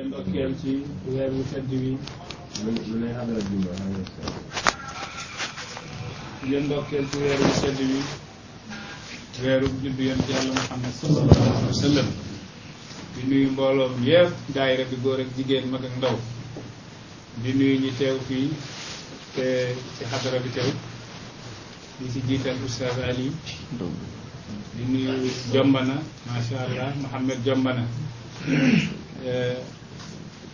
leen ndokkeel ci weer wu tedd wi lu ne xadara juma mbooloom yépp daayira bi góor ak jigéen mag ak ndaw di nuyu ñi teew fii te ci xadara bi teew di ci jiital Oustaz Ali di nuyu jombana masha allah Mohamed jombana eh,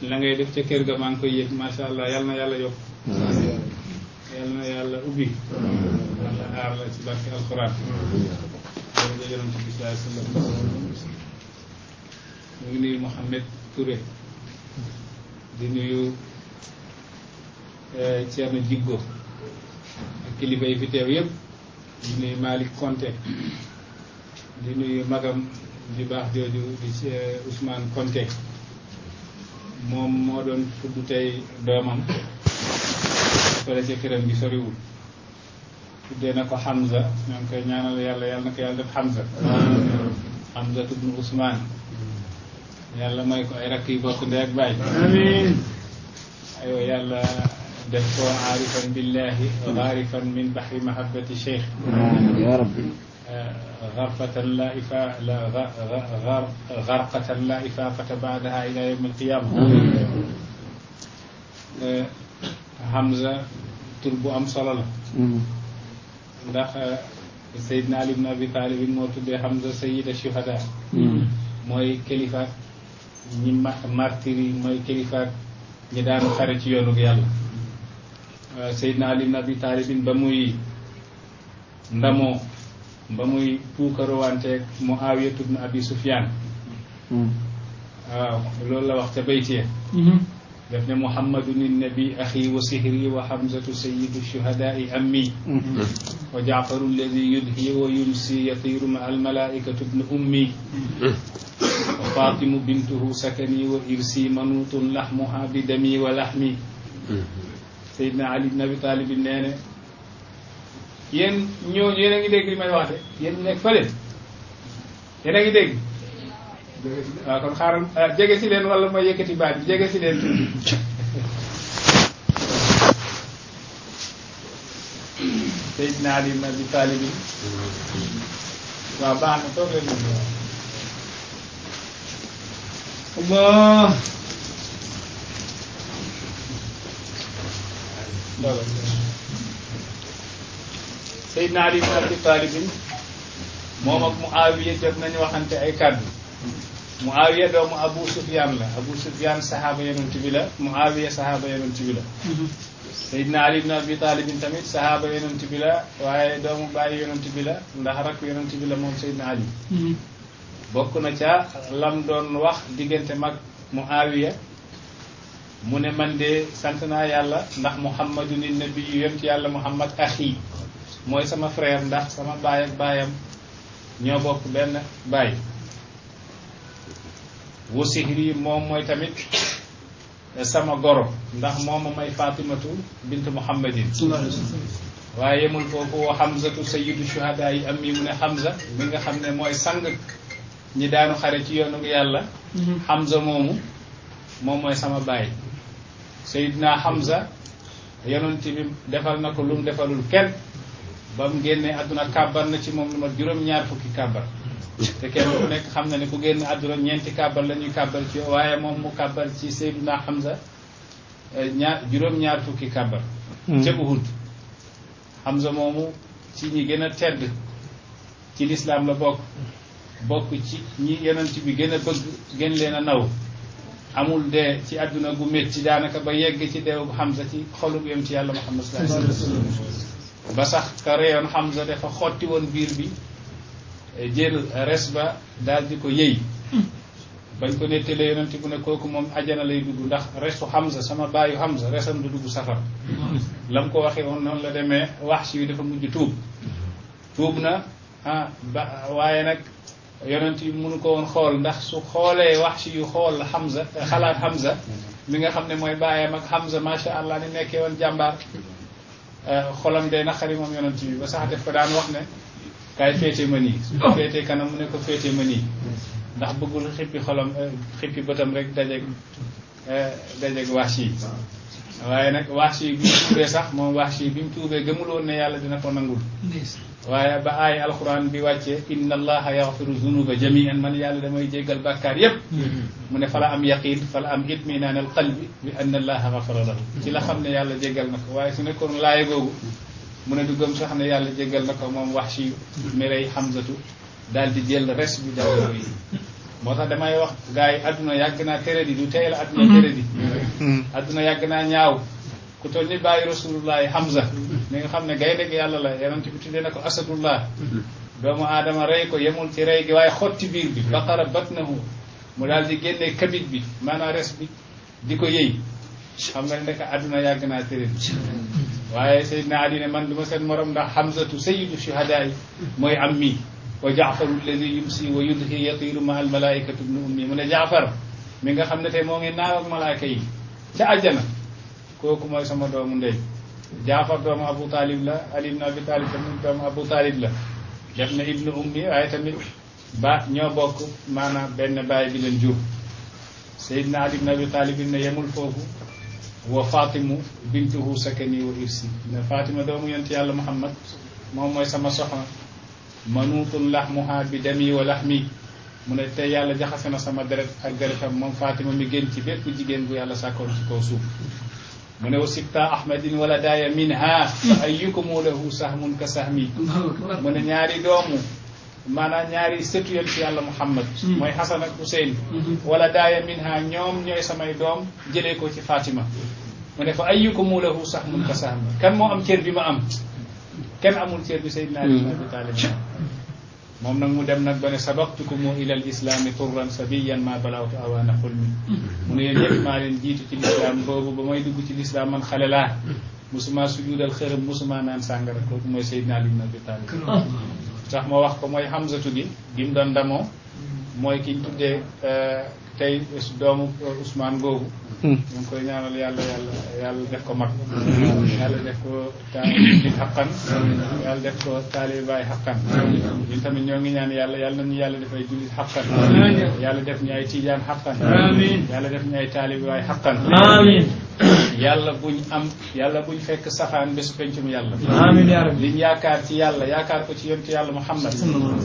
la ngay def ca kër ga maa ngi koy allah na yàlla yokk yal na yàlla ubbi yàlla aar la ci barke alquran loolu mu ngi nuyu Mouhamed Touré di nuyu eh, Jiggo ak kilifa yi fi teew yëpp di nuyu Malick Konte di nuyu magam di baax jooju di eh, Ousmane Konte moom moo doon tudd tey doomam fële ca këram gi soriwul tuddee na ko Hamza ñoo ngi koy ñaanal yàlla yàlla na ko yàlla def Hamza Hamza tudd na Ousmane yàlla may ko ay rakk yi bokk ndey ak baay amiin aywa yàlla def ko aarifan billahi wa aarifan min bahri mahabbati cheikh ya rabbi غرفة لا غرقة لا إفاقة بعدها إلى يوم القيامة همزة تربو أم صلاة ndax Seydina Ali ibn Abi Talib moo tuddee Hamza Sayyid Shuhada mooy kilifa ñi martir yi mooy kilifa ñi daan xare ci yoonu yàlla Seydina Ali ibn Abi Talib ba muy ndamoo ba muy puukarowanteeg Muawiyatu bnu Abi Sufyaan waaw loolu la wax ca baytiya daf ne muhammadun innabi axi wa sihri wa hamzatu sayidu shuhadaai ammi wa jaafaru alladi yudhi wa yumsi yatiru ma almalaikatu bnu ummi wa fatimu bintuhu sakani wa irsi manutun laxmuha bi dami wa laxmi sayidna ali bne abi talibin nee ne yéen ñoo yéen a ngi dégg li may wax de yéen nekk fële yéen a ngi dégg waaw kon xaaral euh, jege si leen wala ma yëkkati baat bi jege si leen tuuti Seydina Ali ibn Seydina Ali ibn Abi Talib moom ak Muawiya jot nañu waxante ay kàddu Muawiya doomu Abu Sufyan la Abu Sufyan saxaaba yonent bi la Muawiya saxaaba yonent bi la mhm. Seydina Ali ibn Abi Talib tamit saxaaba yonent bi la waaye doomu bàyyi ti bi la ndax rakk ti bi la moom Seydina Ali mhm. bokk na ca lam doon wax diggante mag Muawiya mu ne man de sant naa yàlla ndax Muhammadun nabi yonent yàlla Muhammad axi mooy sama frère ndax sama baay ak baayam ñoo bokk benn baay wu sihri moom mooy tamit sama goro ndax moom mooma may fatimatu bint muhammadin waaye yemul foofu wa hamzatu sayyidu shuhada yi am mi mu ne hamza mi nga xam ne mooy sang ñi daanu xare ci yoonu yàlla mhm. hamza moomu moom mooy sama baay sayyidna hamza yonent bi defal na ko lu mu defalul kenn ba mu génnee àdduna kàbbar na ci moom lu mat juróom-ñaar fukki kàbbar te kenn ku nekk xam na ne ku génn àdduna ñeenti kàbbar la ñuy kàbbar ci waaye moom mu kàbbar ci naa Hamza eh, ñaar juróom-ñaar fukki kàbbar hmm. ca Uhud Hamza moomu ci ñi gën a tedd ci lislaam la bokk bokk ci ñi yonent bi gën a bëgg gën leen a naw amul dee ci àdduna gu métti daanaka ba yegg ci deewu Hamza ci xolub yem ci yàlla Muhammad sallallahu alayhi wa sallam ba sax ka reyoon Hamza dafa xotti woon biir bi jël res ba daal di ko yëy bañ ko nettalee yonent bu ne kooku moom ajana lay dugg ndax resu Hamza sama baayu Hamza resam du dugg safar lam ko waxee woon noonu la demee wax si wi dafa mujj tuub tuub na ah, ba waaye nag yonent yi mënu ko woon xool ndax su xoolee wax si yu xool Hamza xalaat Hamza mi nga xam ne mooy baayam ak Hamza macha allah ni nekkee woon jàmbaar Euh, xolam na naqari moom yonent bi ba sax def ko daan wax ne kaay féete ma nii su ko féetee kanam mu ne ko féete ma nii ndax bëggul xippi xolam euh, xippi bëtam rek dajeeg euh, dajeeg wax yi waaye nag wax si bi mu tuubee sax moom wax si bi mu tuubee gëmuloon ne yàlla dina ko nangul waaye ba aay alquran bi wàccee inna allaha yaxfiru zunuba jamian man yàlla damay jéggal bàkkaar yépp mm-hmm. mu ne fa la am yaqin fa la am itminaan al qalbi bi anna allaha xafara lahu ci la xam ne yàlla jéggal na ko waaye su nekkoon laaye googu mu ne du gëm sax ne yàlla jéggal na ko moom wax si mm-hmm. merey xamsatu daal di jël res bi daw yi moo tax damay wax gars yi adduna yàgg naa tere di du tey àdduna mhm. mhm. yàgg naa ñaaw ku toll ni bàyyi rasulullahi Hamza mi nga xam ne gaynde gi yàlla la yonent bi tuddee na ko asadullah mhm. doomu aadama rey ko yemul ci rey gi waaye xotti biir bi baqara batnahu mu daal di génnee kabit bi maanaam res bi di ko yëy xam nga ndeka adduna yàgg naa tere waaye Seydina Ali ne man du seen morom ndax Hamzatu sayyidu shuhadaa yi mooy am mii وجعفر الذي يمسي ويدهي يطير مع الملائكة ابن أمي من جعفر من خمنا في موغي نار الملائكة تأجنا كوكو موي سما دوم ندي جعفر دوم أبو طالب لا علي بن أبي طالب دوم أبو طالب لا جبنا ابن أمي آية تمير با نيو بوك مانا بن باي بن الجو سيدنا علي بن أبي طالب بن يمول فوفو وفاطمه بنته سكني وإرسي فاطمه دوم ينتي الله محمد موم موي سما سخنا manuutun laxmuha bi demi wa laxmi mu ne tey yàlla jaxase na sama deret ak deretam moom Fatima mi gën ci bépp jigéen bu yàlla sàkkoon ci kaw suuf mu ne wa sibta ahmadin wala daaya minha fa ayyukumu lahu sahmun ka sahmi mu ne ñaari doomu maanaam ñaari sëtu yéen ci yàlla Muhammad hmm. mooy Hasan ak Huseyn hmm. wala daaya minha ñoom ñooy samay doom jëlee ko ci Fatima mu ne fa ayyukumu lahu sahmun ka sahmi kan moo am cër bi ma am kenn amul cër bi Seydina Ali hmm. ibn moom nag mu dem nag ba ne sabaqtukum ila al islaami turran sabiyan ma balawtu awaana xulmi mu ne yéen maa leen jiitu ci lislaam boobu ba may dugg ci lislaam man xale laa musuma sujuudal xërëm musuma naan sàngara kooku mooy Seydina Ali ibn Abi sax ma wax ko mooy xamsatu gi gi mu mooy ki tuddee euh, tey doomu euh, Ousmane boobu. Hmm. ñu koy ñaanal yàlla yàlla yàlla def ko mag. Hmm. yàlla def ko taalibi xaqan. yàlla def ko taalibaay xaqan. ñun tamit ñoo ngi ñaan yàlla yàlla nañu yàlla def ay jullit xaqan. yàlla def ñu ay tiijaan xaqan. yàlla def ñu ay taalibaay xaqan. yàlla buñ am yàlla buñ fekk safaan bés pencum yàlla amiin yaa rabbi liñ yaakaar ci yàlla yaakaar ko ci yonent yàlla Muhammad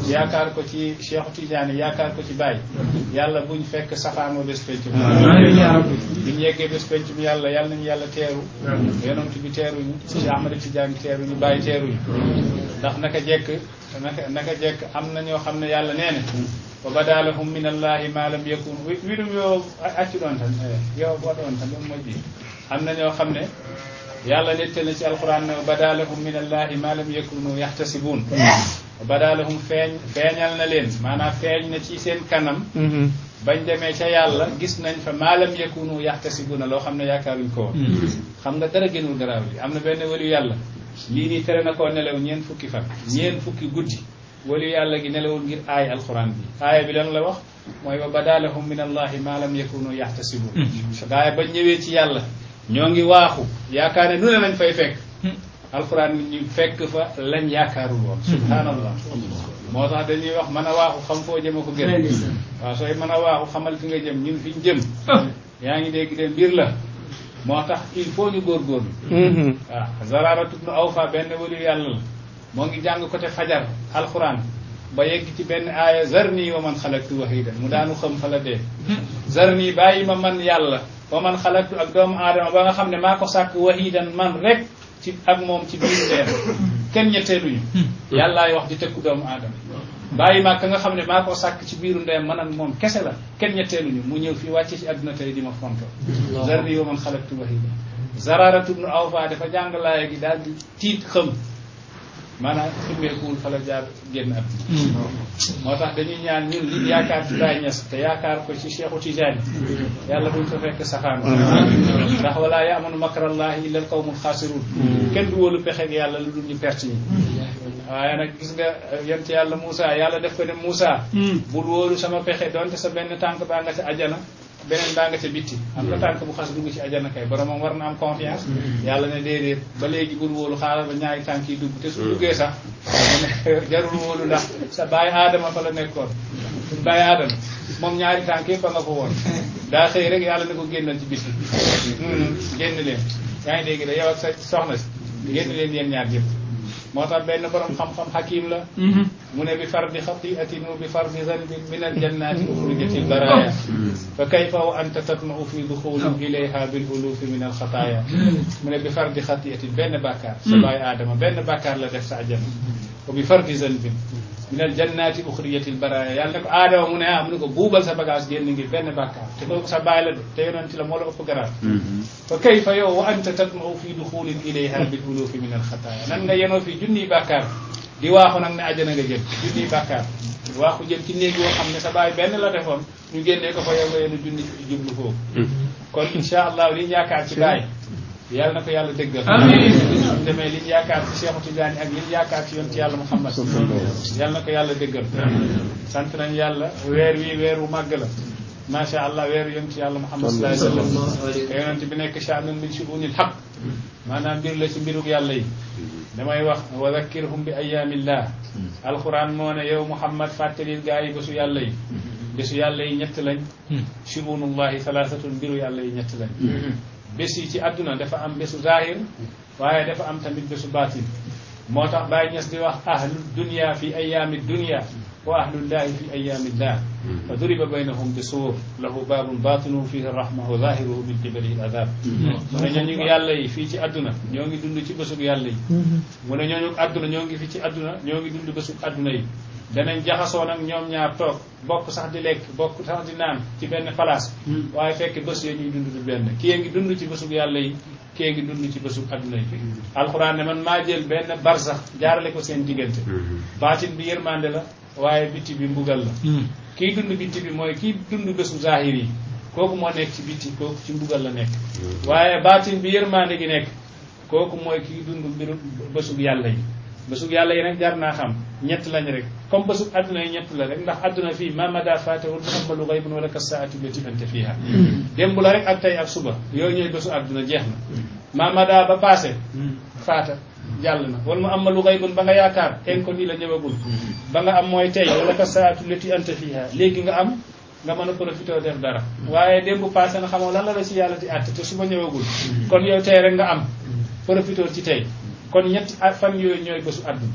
yaakaar ko ci Cheikh Tidiane yaakaar ko ci Baye yàlla buñ fekk safaan wa bés pencum amiin yaa rabbi yeggee bés pencum yàlla yàlla nañu yàlla teeru ti bi teeruñu ci Ahmada Tidiane teeruñu Baye teeruñu ndax naka jekk naka naka jekk am na ñoo xam ne yàlla nee na wa bada lahum min allahi ma lam yakun wiɗum yo accu ɗon tan yo waɗ on tan am na ñoo xam ne yàlla nette na ci alquran ne badaa lahum min allahi ma lam yakunu yaxtasibuun badaa lahum feeñ feeñal na leen maanaam feeñ na ci seen kanam mm-hmm. bañ demee ca yàlla gis nañ fa maalam yakunu yaxtasibuuna loo xam ne yaakaaruñ ko woon mm-hmm. xam nga dara gënul garaaw li am na benn waliyu yàlla lii nii tere na koo nelaw ñeen fukki fan ñeen fukki guddi waliyu yàlla gi nelawul ngir aay alquran bi aaya bi lan la wax mooy wa badaalahum min allahi maalam yakunu yaxtasibuun gaay mm-hmm. bañ ñoo ngi waaxu yaakaar ne nu ne lañ fay fekk hmm. alxuraan ñu fekk fa lañ yaakaarul woon subhaanallah moo tax dañuy wax mën a waaxu xam foo jëma ko gën waaw sooy mën a waaxu xamal fi nga jëm ñun fi ñu jëm oh. yaa ngi dégg de mbir la moo tax il faut ñu góorgóorlu mm-hmm. waaw zaraara tub nu aw fa benn waliyu yàlla la moo ngi jàng côté fajar alxuraan ba yegg ci benn aaya zarni wa man xalaktu wahidan mu daanu xam fa la dee zarni bàyyi ma man yàlla wa man xalaktu ak doomu aadama ba nga xam ne maa ko sàkk wahidan man rek ci ak moom ci biir leer kenn ñetteeluñu yàllaay wax di tëkku doomu aadama bàyyi ma ka nga xam ne maa ci biiru ndeyam man ak moom kese la kenn ñetteeluñu mu ñëw fi wàcce ci àdduna tey di ma fonto zarni wa man xalaktu wahidan zararatu ibnu awfa dafa jàng laaya gi daal di tiit xëm maanaam summeekuwul fa la jaar génn at hmm. moo tax dañuy ñaan ñun li yaakaar ci Baay Ñas te yaakaar ko ci Cheikhu Tijaani yàlla buñ fa fekk safaan ndax walaa yaamanu makrallaahi illal qawmul xaasiruun hmm. kenn du wóolu pexeeg yàlla lu dul ñu perte yi waaye nag gis nga uh, yent yàlla Moussa yàlla def ko ne Moussa hmm. bul wóolu sama pexe donte sa benn tànk baa nga ci ajana beneen baa nga ca bitti am na tànk bu xas dugg ci ajana kay boromam war na am confiance mm-hmm. yàlla na déedéet ba léegi bul wóolu xaaral ba ñaari tànk yi dugg te su mm-hmm. duggee sax jarul wóolu ndax sa bàyyi aadama fa la nekkoon suñ bàyyi aadama moom ñaari tànk yëpp ba nga ko woon daa xëy rek yàlla ne ko génnal ci bitti mm-hmm. génn leen yaa ngi dégg de yow sa soxna si génn leen yéen ñaar yëpp موتا بين برم خم خم حكيم لا من بفرض خطيئة وبفرض ذنب من الجنات أخرجت البرايا فكيف وأنت تطمع في دخول إليها بالألوف من الخطايا من بفرض خطيئة بين بكر سبع آدم بين بكر لا تسعجن وبفرض ذنب min al jannati uxriyatil baraya yàlla ne ko aadama mu ne ah mu ne ko buubal sa bagage génn ngir benn bàkkaar te kooku sa baay la de te yonent la moo la ëpp mm-hmm. fa kayfa yow wa anta tatmau fi duxulin ilayha bil ulufi min al nan nga yenoo fi junniy bàkkaar di waaxu nag ci néeg yoo xam ne sa baay benn la defoon ñu génnee ko fa yow nga jublu foofu mm-hmm. kon insha allah li ñu yaakaar ci baay yàlla na ko yàlla déggal amiin suñ demee liñ yaakaar ci Cheikhu Tidiane ak liñ yaakaar ci yonent yàlla Muhammad yàlla na ko yàlla déggal sant nañ yàlla weer wi weer wu màgg la macha allah weer yonent yàlla Muhammad sallallahu alayhi wa sallam te yonent bi nekk sha'nun min shu'unil haqq maanaam mbir la ci mbirug yàlla yi damay wax wa zakkirhum bi ayaamillah alquran moo ne yow Muhammad fàttalil gaa yi bésu yàlla yi bésu yàlla yi ñett lañ hmm. shu'unullahi salaasatun mbiru yàlla yi ñett lañ besi ci aduna dafa am bésu zahir waye dafa am tamit bésu batin motax bay ñess di wax ahlud dunya fi ayaami dunya wa lah fi ayaami lah fa duriba baynahum bisur lahu babun batinu fihi rahma wa zahiru min qibalihi adab mu ñu ñooñu yàlla yi fi ci aduna ñoo ngi dund ci besu yàlla yi mu ñoo ñu aduna ñoo ngi fi ci aduna ñoo ngi dund besu aduna yi danañ jaxasoo nag ñoom ñaar toog bokk sax di lekk bokk sax di naan ci benn place hmm. waaye fekk bés yooyu ñuy dund du benn kii a ngi dund ci bésub yàlla yi kii a ngi dund ci bésub adduna yi hmm. alxuraan ne man maa jël benn barsax jaarale ko seen diggante hmm. baatin bi yërmande la waaye bitti bi mbugal la kii dund bitti bi mooy kii dund bésu zahir yi kooku moo nekk ci bitti kooku ci mbugal la nekk waaye baatin bi yërmande gi nekk kooku mooy kii dund mbiru bésub bësub yàlla yi nag naa xam ñett lañ rek comme bësub adduna yi ñett la rek ndax adduna fii ma mada fatahul muhammalu ghaybun wala kasaati lati anta fiha démb la rek ak tey ak suba yooyu ñooy bësu adduna jeex na ma mada ba passé faata jàll na wala mu amalu gaybun ba nga yaakaar inconnu la ñëwagul ba nga am mooy tey wala kasaatu lati anta fiha léegi nga am nga mën a profité def dara waaye démb passé na xamoo lan la si yàlla di àtt te suba nga am profité ci tey kon ñetti fan yooyu ñooy bésu àdduna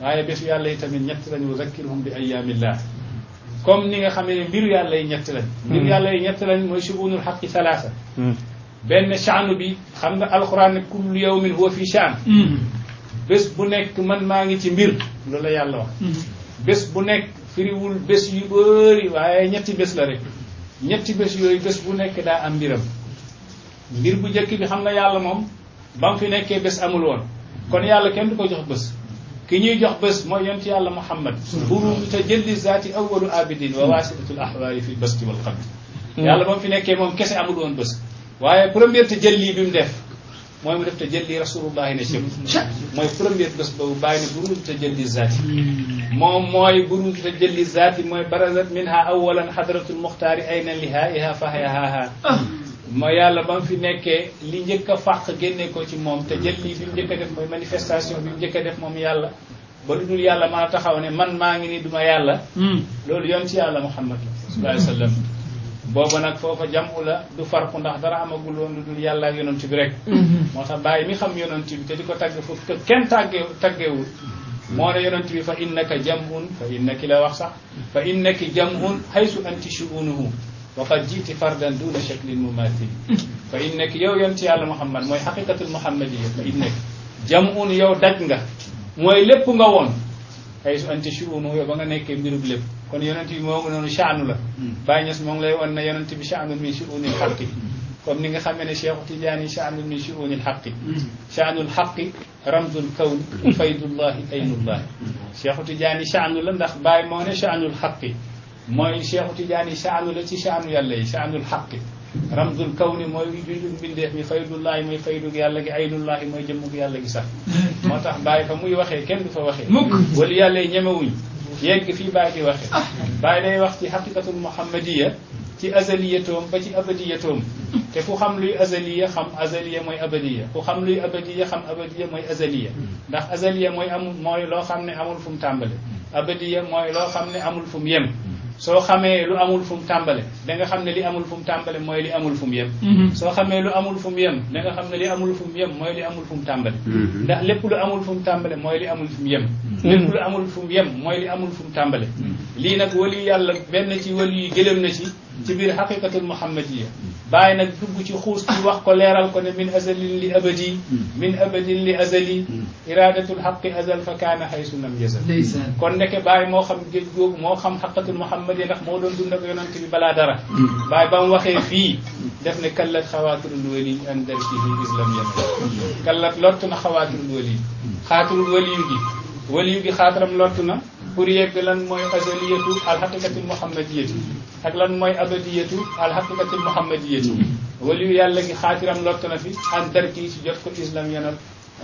waaye bésu yàlla yi tamit ñett lañu zakkirhum bi ayyaamillah comme ni nga xamee ne mbiru yàlla yi ñett lañ hmm. mbiru yàlla lañ mooy shuunul xaqi salaasa hmm. benn shaanu bi xam nga alxuraan ne kullu yawmin huwa fi shaan hmm. bés bu nekk man maa ngi ci mbir loolu la yàlla wax bés bu nekk firiwul bés yu bëri waaye ñetti bés la rek ñetti bés yooyu bés bu nekk daa am mbiram mbir bu jëkk bi xam nga yàlla moom ba mu fi nekkee bés amul woon kon yàlla kenn du ko jox bés ki ñuy jox bés mooy yonent yàlla muhammad buru te jëlli zaati awalu abidin wa wasitatul ahwari fi basti wal xabd yàlla ba fi nekkee moom kese amul woon bés waaye première te jëlli bi mu def mooy mu def te jëlli rasulullahi ne ci mooy première bés boobu bàyyi ne buru te jëlli zaati moom mooy buru te jëlli zaati mooy barazat minha awalan hadratul muxtaari ayna lihaiha fahayahaha ma yàlla ba mu fi nekkee li njëkk a fàq génne ko ci moom te jël lii bi mu njëkk a def mooy manifestation bi mu njëkk a def moom yàlla ba lu dul yàlla mën taxaw ne man maa ngi ni duma yàlla loolu yoon ci yàlla muhammad la sallallahu alayhi wa sallam booba nag foofa jamu la du farku ndax dara amagul woon lu dul yàlla ak yonent bi rek moo tax bàyyi mi xam yonent bi te di ko tàgge foofu te kenn tàgge tàggewul moo ne yonent bi fa innaka jamun fa innaki la wax sax fa innaki jamun haysu anti shuunuhu وقد جئت فردا دون شكل مماثل فإنك يو يمتي على محمد موي حقيقة المحمدية فإنك جمع يو دجنغا موي لب nga won ay su ante shubu no ba nga nekké mbirub lepp kon yonent bi mo nonu sha'nu la bañes mo ngi lay won na yonent bi sha'nu min shu'unil haqqi comme ni nga xamee ne cheikhu tidiani chaanul min chuunil xaqi chaanul xaqi ramzul kawn faydullahi aynullahi cheikhu tidiani chaanu la ndax bàyyi moo ne chaanul xaqi mooy Cheikhu Tidiane shaanu la ci shaanu yàlla yi shaanul xaqi ramzul kawni mooy junjug mbindeef mi faydullaahi mooy faydug yàlla gi aynullaahi mooy jëmmug yàlla gi sax moo tax bàyyi fa muy waxee kenn du fa waxee wala yàlla yi ñemewuñ yegg fii bàyyi di waxee ah. bàyyi day wax ci xaqiqatul muhammadiya ci azaliyatoom ba ci abadiyatoom te ku xam luy azaliya xam azaliya mooy abadiya ku xam luy abadiya xam abadiya mooy azaliya ndax azaliya mooy amul mooy loo xam ne amul fu mu tàmbale abadiya mooy loo xam ne amul fu mu soo xamee lu amul fu mu tàmbale da nga xam ne li amul fu mu tàmbale mooy li amul fu yem soo xamee lu amul fu mu yem da nga xam ne li amul fu yem mooy li amul fu mu tàmbale ndax lépp lu amul fu mu mooy li amul fu mu amul fu mu mooy li amul fu mu lii nag wali yàlla benn ci wali yi gëlëm na ci ci biir xaqiqatul muhammadiya bàyyi nag dugg ci xuus ci wax ko leeral ko ne min azalin li abadi min abadin li azali iradatul xaqi azal fa kaana xaysu nam jësal kon ndeke bàyyi moo xam géej googu moo xam xaqatul muhammad yi ndax moo doon dund ak yonant bi balaa dara bàyyi ba mu waxee fii def ne kallat xawaatirul wali an darsihi islam yamal kallat lott na xawaatirul wali xaatirul waliyu gi waliyu gi xaataram lott na pour yegg lan mooy azaliyatu alxaqiqatil muhammadiyatu ak lan mooy abadiyatu alxaqiqatil muhammadiyatu waliyu yàlla ngi xaatiram lott na fi an darki si jot ko islam yanal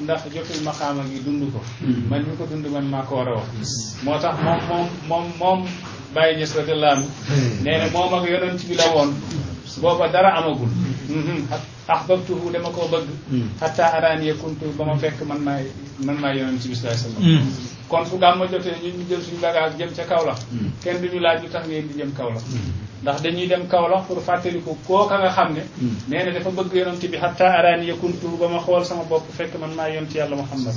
ndax jotul maqaama gi dund ko hmm. man mi ko dund man maa ko war a wax moo tax moom moom moom moom bàyyi ñes radiallahu anhu hmm. nee na moom ak yonent bi la woon booba dara amagul ahbabtuhu dama koo bëgg hmm. hatta araani kuntu ba ma fekk man maay man maay yonent bi sallallahu alayhi wasallam hmm. kon fu gàmmu jotee ñun ñu jël suñu bagage jëm ca Kaolack hmm. kenn duñu laaj lu tax ngeen di jëm Kaolack ndax dañuy dem Kaolack pour fàttaliku kooka nga xam ne nee dafa bëgg yonent bi hatta araani kuntu ba ma xool sama bopp fekk man maay yonent yàlla Muhammad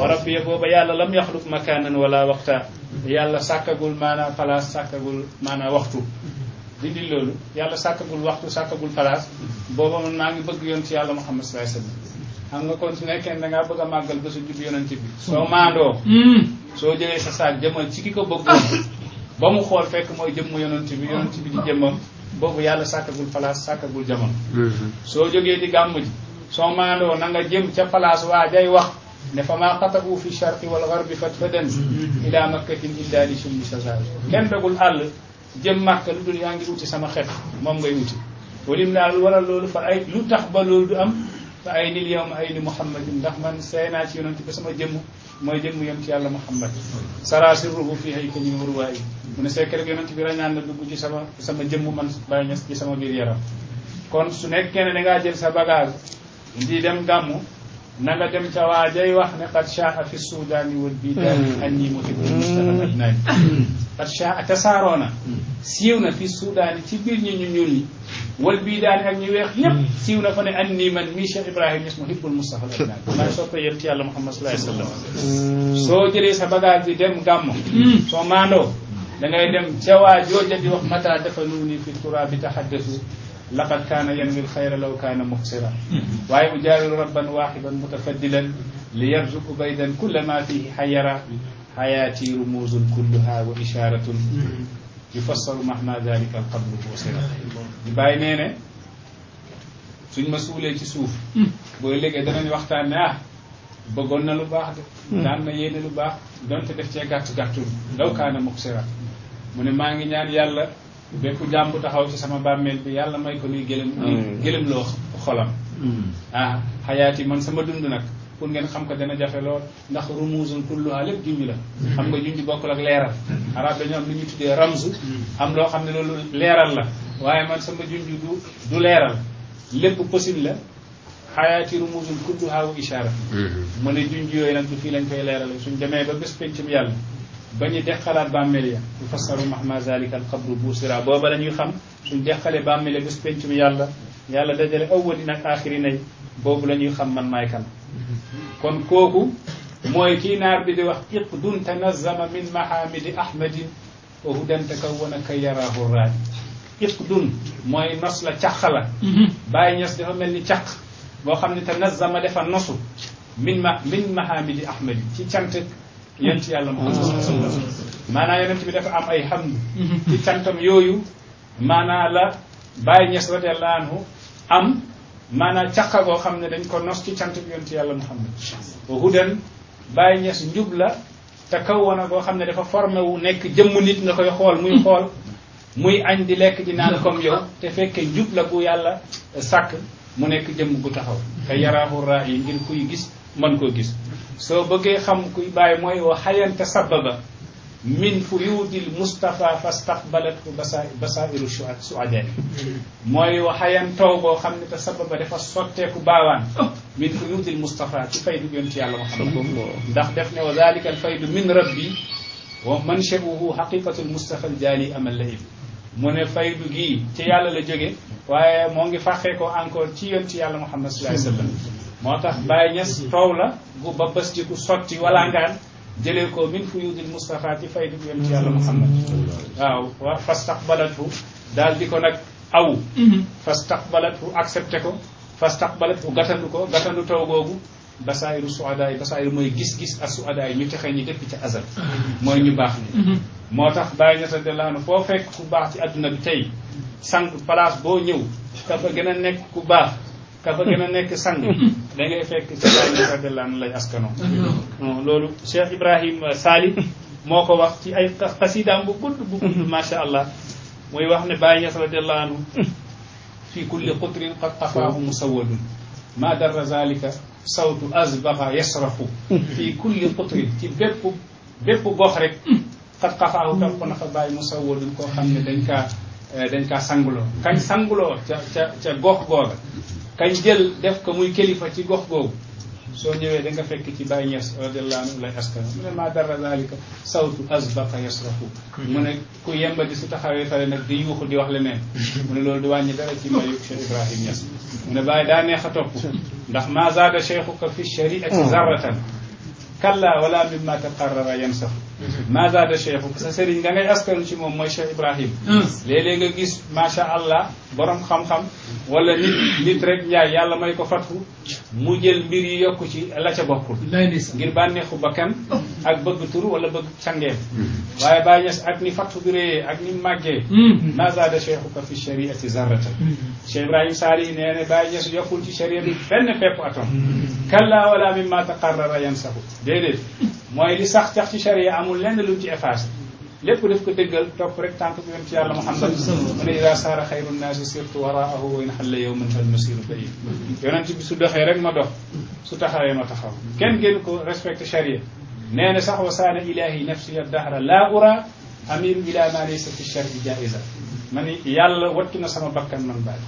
wa rabbi booba yàlla lam yaxluq makaanan wala waxta yàlla sàkkagul maanaa place sàkkagul maanaa waxtu dindi loolu yàlla sàkkagul waxtu sàkkagul place booba man maa ngi bëgg yoon ci yàlla muhammad sallallahu alayhi wasallam xam nga kon su nekkee da ngaa bëgg a màggal ba su judd yonente bi soo maandoo hmm. soo jëlee sa saag jëmal ci ki ko bëggoon ba mu xool fekk mooy jëmm yonente bi yonente bi di jëmmam boobu yàlla sàkkagul place sàkkagul jamono soo jógee di gàmm ji soo maandoo na nga jëm ca place waa jay wax ne fa maa xatabu fi sharqi wal garbi fatfadan ila makkatin illa li sumbi sasaar kenn dagul àll jëm màkka lu dul yaa ngi wuti sama xet moom ngay wuti walim naa lu waral loolu fa ay lu tax ba loolu du am fa ay nil yowma ay ni muhammadin ndax man say naa ci yonent ba sama jëmm mooy jëmm yem ci yàlla muhammad sarasiruhu fii ay kañi warwaay mu ne see keroog yonent bi rañaan na dugg ci sama sama jëmm man bàyyi ñes ci sama biir yaram kon su nekkee ne da jël sa bagage di dem gàmmu نقدم تواجي وحنا قد شاء في السودان والبيدان أني مهب المستقبل قد شاء تسارونا سيونا في السودان تبير نيوني والبيدان أني ويخ سيونا فن أني من ميشا إبراهيم يسمو هب المستقبل ما شرط يرتي الله محمد صلى الله عليه وسلم سو جري سبقا في دم قام سو مانو لنقدم تواجي وحن متى في التراب تحدثوا laqad kaana yanwi lxayra law kaana muxsira mm-hmm. waaye ujaawiru rabban waaxidan mutafaddilan li yarzu ubaydan kulla ma fihi xayara xayaati rumuuzun kulluha wa ishaaratun mm-hmm. yufassaru mahna dalika alqabru buusira ñu bàyyi nee ne suñ ma suulee ci suuf mm-hmm. booy léegi danañ waxtaan ne ah bëggoon na lu baax de daan na yéene lu baax donte def cee gàtt gàttul law kaana muxsira mu ne maa ngi ñaan yàlla bépp jàmm bu taxaw ci sama bàmmeel bi yàlla may ko nuy gëlëm nuy gëlëm loo xolam hmm. ah xayaat yi man sama dund nag pour ngeen xam ko dana jafe lool ndax rumuusun kulluha lépp junj la hmm. xam nga junj bokkul ak leeral hmm. arab dañu am lu ñu tuddee ramzu am loo xam ne loolu leeral la waaye man sama junj du du leeral lépp possible la xayaati rumuusun kulluha wa ishaara mu ne junj yooyu nag du fii lañ koy leeral suñ demee ba bés pencam yàlla ba ñu deqalaat bàmmeel ya yu fassaru mahma zalika al qabru buusira booba la ñuy xam suñ deqalee bàmmeel ya bés penc mi yàlla yàlla dajale awwalin ak aaxirin nay boobu la ñuy xam man maay kan kon kooku mooy kii naar bi di wax iqdun tanazama min mahamidi ahmadin wa hudan takawwana kay yaraahu raaj iqdun mooy nos la caq la bàyyi ños dafa mel ni caq boo xam ne tanazama dafa nosu min ma min mahamidi ahmadi ci cant yonent yàlla Muhammad sallallahu alayhi wa bi dafa am ay hamd ci cantam yooyu maanaam la Baye Niass radiyallahu anhu am maanaam caqa goo xam ne dañ ko nos ci cant bi yàlla Muhammad hudan Baye Niass njub la te kaw woon goo xam ne dafa formé wu nekk jëmm nit nga koy xool muy xool muy añ di lekk di naan comme yow te fekke njub la bu yàlla sàkk mu nekk jëmm bu taxaw te yaraahu raa yi ngir kuy gis mën ko gis soo bëggee xam kuy bàyyi mooy wa xayante sababa min fuyuudil Mustafa fastaqbalathu basa basairu suadan mooy wa xayantaw boo xam ne te sababa dafa sotteeku baawaan min fuyuudil Mustafa ci faydu yonti yàlla Muhammad ndax def ne wa dalika al faydu min rabbi wa manshauhu xaqiqatu lmustafa aljaali amal laib mu ne faydu gii ci yàlla la jóge waaye moo ngi fàqee ko encore ci yonti yàlla Muhammad sallallahu alayhi wa sallam moo tax Baye Niass taw la bu ba bës ci ku sotti wala ngaan jëlee ko min fuyudil Mustafa ci fay dugg yem ci yàlla Muhammad waaw wa fastaqbalatu daal di ko nag aw mhm. fastaqbalatu accepté ko fastaqbalatu gàttandu ko gàttandu taw googu basaayiru suadaay basaayiru mooy gis-gis ak suadaay ñu texe ñi depuis ci azal mhm. mooy ñu baax ni mhm. moo tax Baye Niass radiyallahu anhu foo fekk ku baax ci adduna bi tey sànq place boo ñëw te gën a nekk ku baax ka fa gën a nekk sang mhm. da ngay fekk ci bàyyi radiyallahu lañ askanoo loolu Cheikh Ibrahima Sali moo ko wax ci ay xasidaam bu gudd bu gudd mhm. macha allah muy wax ne Baye Niass radiyallahu anhu mhm. fi kulli qutrin qad tafaahu musawadun ma darra zalika sawtu azbaxa yasrafu fi kulli qutrin ci bépp bépp gox rek qad tafaahu tam ko nafa bàyyi musawadun koo xam ne dañ kaa eh, dañ kaa sanguloo kañ sanguloo ca ca ca gox googa kañ jël def ko muy kilifa ci gox googu soo ñëwee da nga fekk ci Baye Niass radiyallahu anhu lay askan mu ne maa dara zalika sawtu asbaqa yasrafu mu ne ku yemba di su taxawee fale nag di yuuxu di wax leneen mu ne loolu di wàññi dara ci mayu Cheikh Ibrahim Niass mu ne daa neex a topp ndax maa zaada cheikhuka fi shariati zarratan كلا ولا مما تقرر ينسف ما زاد الشيخ فسرين غاي اسكن شي موم شيخ ابراهيم أمم. ليلي غا ما شاء الله بروم خام خام ولا نيت نيت رك نياي يالا ماي كو فاتو mu jël mbir yi yokk ci la ca bokkul ngir bànneexu bakkan oh. ak bëgg tur wala bëgg cangeen mm. waaye Baay Ñas ak ni fattu bi réyee ak ni màggee mm. ma zaada cheikhuka fi shariati zarratan mm. Cheikh Ibrahim Saali nee ne Baay Ñas yokkul ci sharia bi benn pepp atom kalla wala mimma taqarrara yansahu déedéet mooy li sax tax ci sharia amul lenn lu ci effacé lépp def ko dëggal topp rek tànk bi yonent yàlla Muhammad mu ne ila saara xayru naasi surtout waraahu wa in xalla yawman fal masiru bayin yonent bi su doxee rek ma dox su taxawee ma taxaw kenn gën ko respecté charia nee na sax wa saana ilahi nafsi dahra la ura amiru ila ma laysa fi shari jaiza ma ni yàlla wattu na sama bakkan man baaj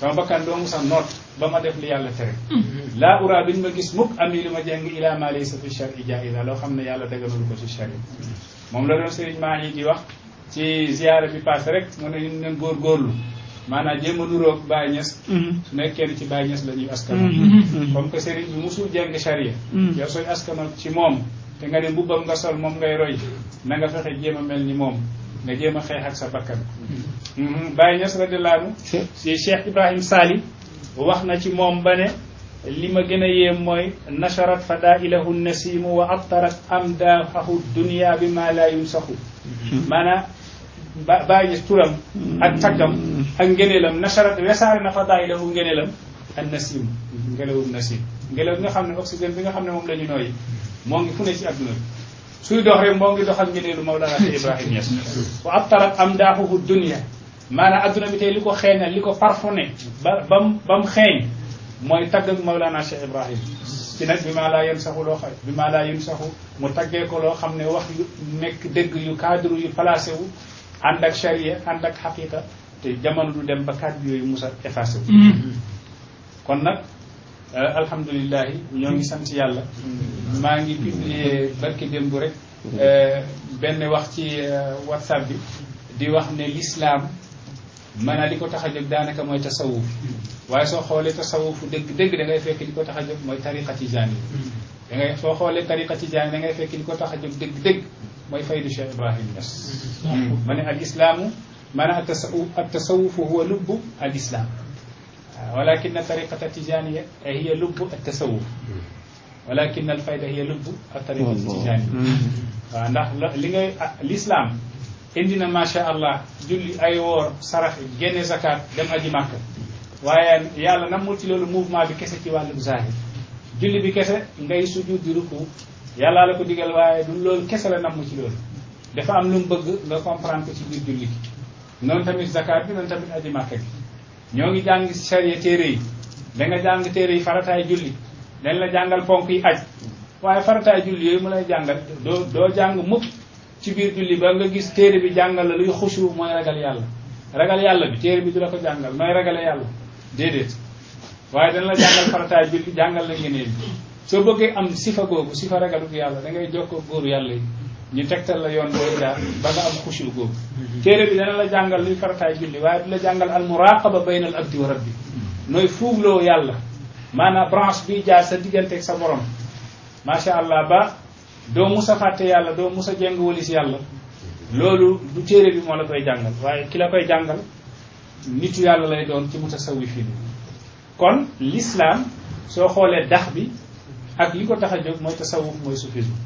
sama bakkan doomu sax noot ba ma def li yàlla tere hmm. laa ura duñ ma gis mukk am yi li ma jàng ila ma laysa fi shari jaiza loo xam ne yàlla daganalu ko ci shari moom la doon sëriñ maa yi di wax ci ziyaara bi passé rek mu ne ñu leen góor góorlu maanaam jéem a nuroog Baye hmm. ci Baye Niass la ñuy askanal hmm. comme que sëriñ bi musul jàng sharia yow sooy askanal ci moom te nga ne mbubbam nga sol moom ngay roy na nga fexe jéem a mel ni moom nga jéem a xeex ak sa bakkan bàyyi ñas radiallahu anhu si cheikh ibrahim sali wax na ci moom ba ne li ma gën a yéem mooy nasharat fadailahu nasimu wa abtarat amdahahu dunia bi ma la yumsaxu maanaam ba bàyyi ñas turam ak taggam ak ngëneelam nasharat wesaare na fadailahu ngëneelam an nasim ngelawum nasim ngelaw bi nga xam ne oxygène bi nga xam ne moom la ñu nooyi moo ngi fu ne ci adduna bi suy dox rek moo ngi doxal ngëneelu Mawlana Cheikh Ibrahim Niass wa abtarat amdaaxuhu dunia maanaam adduna bi tey li ko xeeñal li ko parfumé ba bam ba mu xeeñ mooy tagg ak Mawlana Cheikh Ibrahim ci nag bi maa laa yen saxu loo xam bi taggee ko loo xam ne wax yu nekk dëgg yu cadre yu placé wu ànd ak charia ànd ak xaqiqa te jamono du dem ba kàddu yooyu musa effacé mm-hmm. kon nag alhamdulillahi ñoo ngi sant yàlla maa ngi publier barki démb rek benn wax ci whatsapp bi di wax ne l'islam maanaam li ko tax a jóg daanaka mooy tasawuf waaye soo xoolee tasawufu dëgg dëgg da ngay fekk li ko tax a jóg mooy tariqa tijaani da ngay soo xoolee tariqa tijaani da ngay fekk li ko tax a jóg dëgg dëgg mooy faydu Cheikh Ibrahim Niass ma ne al islaamu maanaam at tasawuf huwa lubbu al islam walakin tariqata tijaniya hiya lubb tasawuf walakin al fayda hiya lubb a tijaniya waaw ndax li ngay l'islam indi na macha allah julli ay woor sarax génne zakat dem aji màkka waaye yàlla namul ci loolu mouvement bi kese ci wàllum zahir julli bi kese ngay sujud di ruku yàllaa la ko digal waaye du loolu kese la namm ci loolu dafa am lu mu bëgg nga comprendre ko ci biir julli gi noonu tamit zakat bi noonu tamit aji màkka gi ñoo ngi jàng sariya téere yi da nga jàng téere yi farataay julli dañ la jàngal ponk yi aj waaye farataay julli yooyu mu lay jàngal doo doo jàng mukk ci biir julli ba nga gis téere bi jàngal la luy xusu mooy ragal yàlla ragal yàlla bi téere bi du la ko jàngal nooy ragale yàlla déedéet waaye dana la jàngal farataay julli jàngal la ngeneen bi soo bëggee am sifa googu sifa ragalu yàlla da ngay jokkoo góoru yàlla yi ñu tegtal la yoon booy jaar ba nga am xusu góob téere bi dana la jàngal luy farataay julli waaye du la jàngal al muraqaba bayna al abdi fuugloo yàlla maanaam branche bi jaar sa digganteeg sa borom macha allah ba doo mus fàtte yàlla doo mus a jeng walis yàlla loolu du téere bi moo la koy jàngal waaye ki la koy jàngal nitu yàlla lay doon ci mutasawifin kon l'islam soo xoolee dax bi ak li ko tax a jóg mooy tasawuf mooy sufisme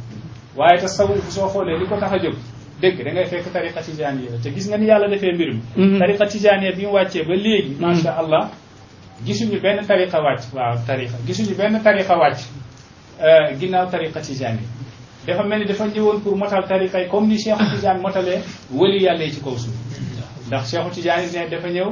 waaye tasawuf soo xoolee li ko tax a jóg dëgg da ngay fekk tariqa tijaaniya te gis nga ni yàlla defee mbir mi mm-hmm. tariqa tijaaniya bi mu wàccee ba léegi mm-hmm. macha allah gisuñu benn tariqa wàcc waaw tariqa gisuñu benn tariqa wàcc euh, ginnaaw tariqa tijaaniya dafa mel ni dafa ñëwoon pour motal tariqa yi comme ni Cheikhu Tidiane motalee wëli yàlla yi ci kaw suuf ndax Cheikhu Tidiane ne dafa ñëw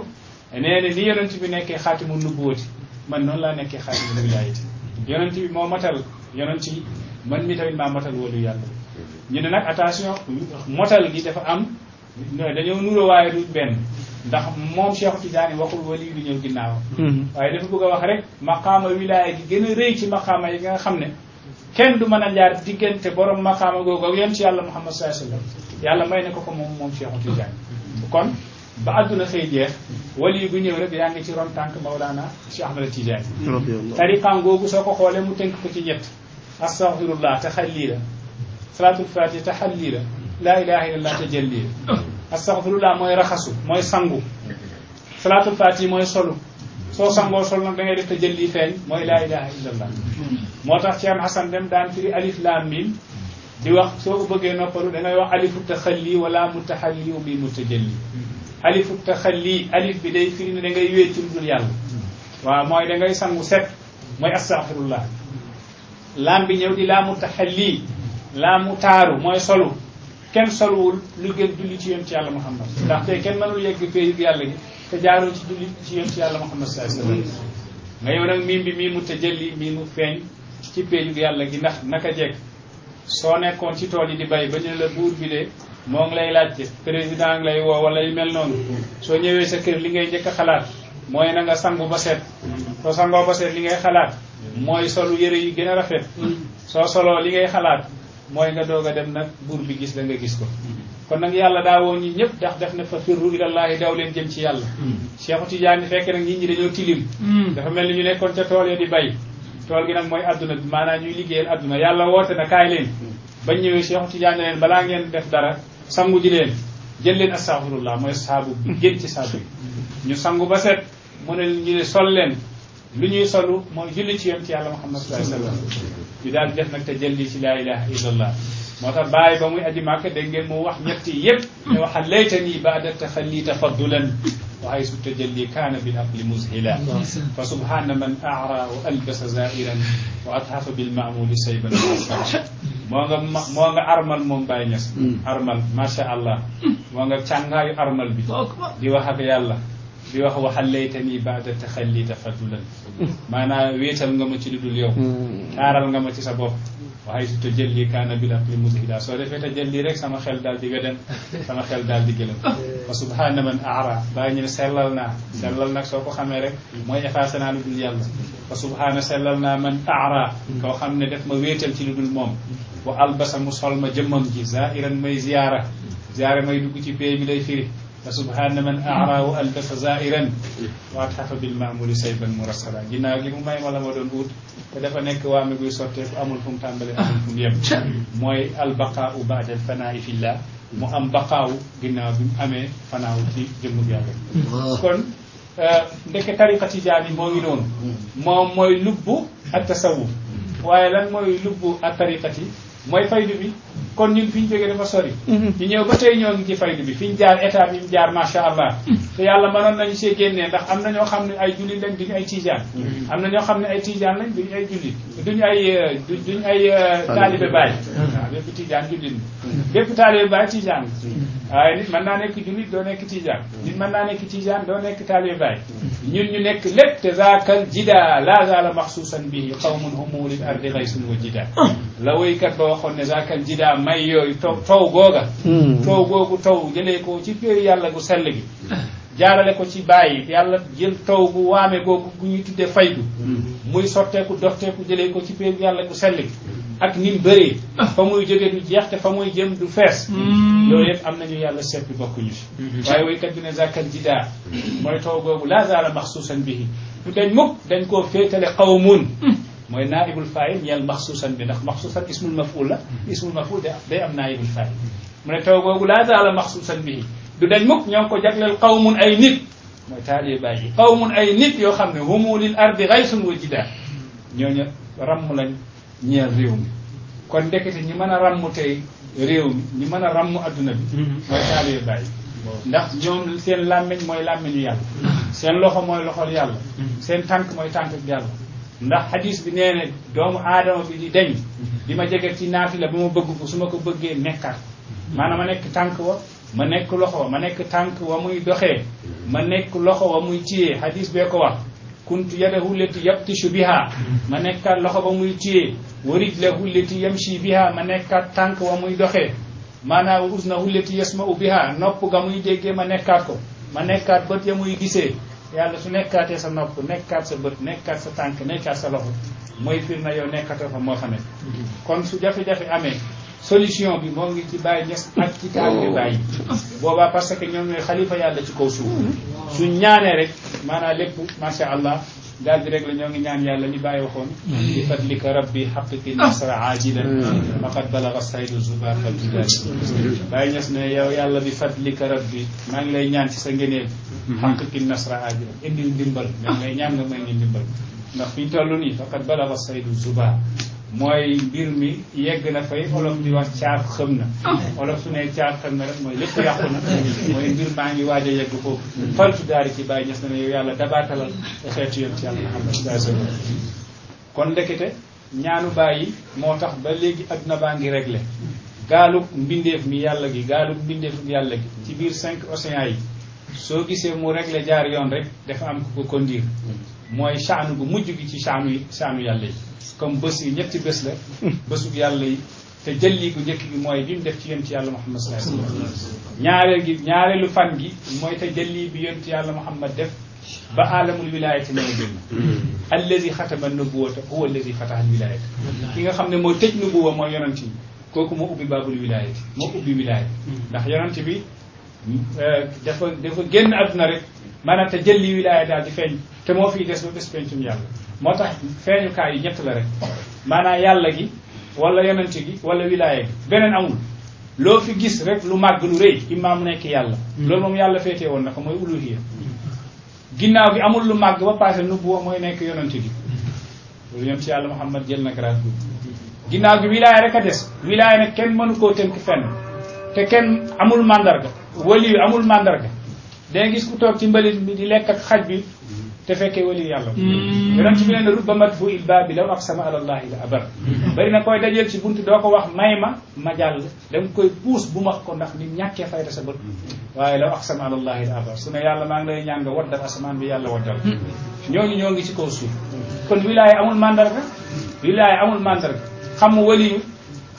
nee na ni yonent bi nekkee xaatimu nubuwati man noonu laa nekkee xaatimu wilaayati yonent bi moo matal yonent yi man mi tamit maa motal wolu yàlla mhm. ñu ne nag attention motal gi dafa am dañoo nuro waaye du benn ndax moom Cheikh Tidiane waxul wali du ñëw ginnaaw mhm. waaye dafa bëgg a wax rek maqaama wilaaya gi gën a rëy ci maqaama yi nga xam ne kenn du mën a jaar diggante borom maqaama googu ak yonent yàlla Muhammad sallallahu alayhi wasallam yàlla may na ko ko moom moom Cheikh Tidiane kon ba àdduna xëy jeex wali bu ñëw rek yaa ngi ci ron tànk Mawlana Cheikh Ahmad Tidiane tariqam googu soo ko xoolee mu tënk ko استغفر الله تخليلا صلاة الفاتحة تحليلا لا إله إلا الله تجليلا استغفر الله موي رخصو موي سانغو صلاة الفاتحة موي سولو سو سانغو سولو دا ngay def تجلي فين موي لا إله إلا الله موتاخ شيخ حسن دم دان في ألف لام ميم دي واخ سو بوغي نوبلو دا ngay واخ ألف التخلي ولا متحلي بمتجلي ألف التخلي ألف بداية في دا ngay ويتي دول يالله وا موي دا سانغو سيت موي استغفر الله laam bi ñëw di laamu taxalli mu taaru mooy solu kenn solwul lu gën julli ci yoon ci yàlla muhammad ndaxte kenn mënul yegg pay bi yàlla gi te jaaroo ci julli ci yoon ci yàlla muhammad sallallahu alayhi nga yow nag miim bi mii mu tëjëli mii mu feeñ ci pay bi yàlla gi ndax naka jekk soo nekkoon ci tool yi di bay ba ñu la buur bi de moo ngi lay laaj laajte président ngi lay woo wala yu mel noonu soo ñëwee sa kër li ngay njëkk a xalaat mooy na sangu ba set mooy solu yëre yu gën a rafet soo soloo li ngay xalaat mooy nga doog a dem nag buur bi gis la nga gis ko kon nag yàlla daawoo ñi ñëpp ndax def na fa firru ilallaahi daw leen jëm ci yàlla Cheikhu Tidiane fekk nag nit ñi dañoo tilim dafa mel ni ñu nekkoon ca tool ya di bay tool gi nag mooy adduna bi maanaa ñuy liggéeyal adduna yàlla woote na kaay leen bañ ñëwee Cheikhu Tidiane leen balaa ngeen def dara sangu ji leen jël leen ak mooy saabu mooy gën saabu yi ñu sangu لني صلوا ما جلتش يمتي على محمد صلى الله عليه وسلم إذا أردت نك تجلي لا إله إلا الله ما تباي بمو أدي معك دنجل موح يبتي يب وحليتني بعد التخلي تفضلا وحيث التجلي كان بالعقل مزهلا فسبحان من أعرى وألبس زائرا وأتحف بالمعمول سيبا ما ما أرمل من بينس أرمل ما شاء الله ما شانغاي أرمل بي دي وحق يالله di wax waxallaytani baada taxalli tafaddulan maanaam wéetal nga ma ci lu dul yow taaral nga ma ci sa bopp waxay su tajalli kaana bil aqli muzhida soo defee tajalli rek sama xel daal di wedan sama xel daal di gëlëm wa subhaana man aara bàyyi ñu ne sellal naa sellal nag soo ko xamee rek mooy effacé naa lu dul yàlla wa subhaana sellal naa man aara koo xam ne def ma wéetal ci lu dul moom wa albasa mu sol ma jëmmam ji zairan may ziyaara ziyaara may dugg ci pay bi lay فسبحان من أعرى وألبس زائرا وأتحف بالمعمول سيبا مرسلا ginnaaw li mu may wala ma doon ut te dafa nekk waa mi buy sotteeku amul fu mu tàmbale amul fu mu yem mooy albaqaawu baadal fanaa'i fillah mu am baqaawu ginnaaw bi mu amee fanaawu ci jëmmub yàlla kon euh, ndeke tariqa tijaani moo ngi noonu moom mooy lubbu ak tasawuf mm. waaye lan mooy lubbu ak tariqati mooy faydu bi kon ñun fi ñu jógee dafa sori mhm. ñu ñëw ba tey ñoo ngi ci faydu bi fi ñu jaar état bi ñu jaar masha allah mhm. te yàlla mënoon nañu see génnee ndax am na ñoo xam ne ay jullit lañ duñu ay tijaan mhm. am na ñoo xam ne ay tijaan lañ duñu ay jullit duñu ay euh, duñu ay euh, taalibe baay waaw bépp tijaan jullit bépp taalibe baay tijaan waaye nit man naa nekk jullit doo nekk tijaan nit mën naa nekk tijaan doo nekk taalibe baay ñun ñu nekk lépp te zaakal jida laa zaala maxsuusan bihi qawmun hum ulil ardi gaysun wa jida ah. la woykat ba waxoon ne zaakal may yooyu taw taw googa hmm. taw googu taw jëlee ko ci péeru yàlla gu sell gi jaarale ko ci bàyyi yàlla jël taw gu waame googu gu ñu tuddee faydu hmm. muy sotteeku dofteeku jëlee ko ci péeru yàlla gu sell gi ak nim bëree fa muy jóge du jeex te fa muy jëm du fees loolu hmm. yëpp am nañu yàlla seppi bokkuñu si waaye woykat bi ne zakkal jidaa mooy taw googu laa zaala maxsuusan bihi du dañ mukk dañ koo féetale qawmun mooy naaibul faayil ñeel maxsuusan bi ndax maxsuusan ismul mafuul la ismul mafuul day am naaibul faayil mu ne taw googu laa zaala maxsuusan bii du dañ mukk ñoo ngi ko jagleel qawmun ay nit mooy taaliba yi qawmun ay nit yoo xam ne humu lil ardi gaysun wa jidaar ñooñu ramm lañ ñeel réew mi kon mën a ramm tey réew mi mën a ramm adduna bi ndax ñoom seen làmmiñ mooy làmmiñu yàlla seen loxo mooy loxol yàlla seen tànk mooy tànk yàlla ndax hadis bi nee doomu aadama bi di dañ bi ma jege ci naafila ba ma bëgg ko su ma ko bëggee nekkaat maanaam ma nekk tànk wa ma nekk loxo wa ma nekk tànk wa muy doxee ma nekk loxo wa muy téyee hadis bee ko wax kuntu yadahu lati yabtishu biha ma nekkaat loxo ba muy téyee warijlahu lati yamshi biha ma nekkaat tànk wa muy doxee maanaam usnahu lati yasma'u biha nopp ga muy déggee ma nekkaat ko ma nekkaat bët ya muy gisee yàlla su nekkaatee sa nopp nekkaat sa bët nekkaat sa tànk nekkaat sa loxo mooy fir na yow nekkatoo fa moo xamee kon su jafe-jafe amee solution bi moo ngi ci bàyyi ñes ak ci taal bi bàyyi boobaa parce que ñoom ñooy xalifa yàlla ci kaw suuf su ñaanee rek maanaam lépp macha allah daal di rek la ñoo ngi ñaan yàlla li bàyyi waxoon bi fadlika rabbi xaqiqi nasra ajilan faqad balaga saydu zuba faljudaji bàyyi ñes ne yow yàlla bi fadlika rabbi maa ngi lay ñaan ci sa ngeneel xaq mm-hmm. ki nasra ajira indil ndimbal dañ ngay ñaan nga may ñu ndimbal ndax fi ñu toll nii faqat balaga saydu zuba mooy mbir mi yegg na fay olof di wax caaf xam na oh. olof su ne caaf xam na rek mooy lépp yàqu na mooy mbir maa ngi waaj a yegg foofu mm-hmm. faltu daari ci bàyyi ñes na ne yow yàlla dabaatalal xeetu yoon ci yàlla Muhammad sa kon ndekete ñaanu bàyyi moo tax ba léegi adduna baa ngi réglé gaalug mbindeef mi yàlla gi gaalug mbindeef mi yàlla gi ci biir cinq océans yi soo gisee mu réglé jaar yoon rek dafa am ku ko kondiir mooy saanu bu mujj gi ci saanu yi saanu yàlla yi comme bés yi ñetti bés la bésub yàlla yi te jëlli gu njëkk gi mooy bi mu def ci ci yàlla muhammad sallallahu alayhi wa sallam ñaareel gi ñaareelu fan gi mooy te jëlli bi yonent yàlla muhammad def ba alamul wilayati na génn allazi xatama nubuwata huwa allazi fataha wilayata ki nga xam ne moo tëj nubuwa mooy yonent yi kooku moo ubbi baabul wilayati moo ubbi wilayati ndax yonent bi Euh, dafa dafa génn àdduna rek maanaam te jëlli wilaaya daal di feeñ te moo fiy des ba bés pencum yàlla moo tax feeñukaay yi ñett la rek maanaam yàlla gi wala yonent gi wala wilaaya gi beneen amul loo fi gis rek lu màgg lu rëy imaam nekk yàlla loolu moom yàlla féetee woon na ko mooy uluhiya ginnaaw gi amul lu màgg ba passé nubuwa mooy nekk yonent gi loolu yonent yàlla Muhammad jël na garaat ginnaaw gi wilaaya rek a des wilaaya nag kenn mënu koo tënk fenn te kenn amul màndarga wali yu amul màndarga danga gis ku toog ci mbalit mi di lekk xaj bi te fekkee wali yàlla hmm. yonent bi nee na rubba mat fu il baa bi law aqsama alallaahi la abar hmm. bari na koy dajeel ci bunt doo ko wax may ma ma jàll da nga koy puus bu ma ko ndax nit ñàkkee fayda sa bët hmm. waaye law aqsama alallaahi la abar su ne yàlla maa ngi lay ñaan nga waddal asamaan bi yàlla waddal ñooñu ñoo ngi ci kaw suuf kon wilaaya amul màndarga wilaaya amul màndarga xam waliyu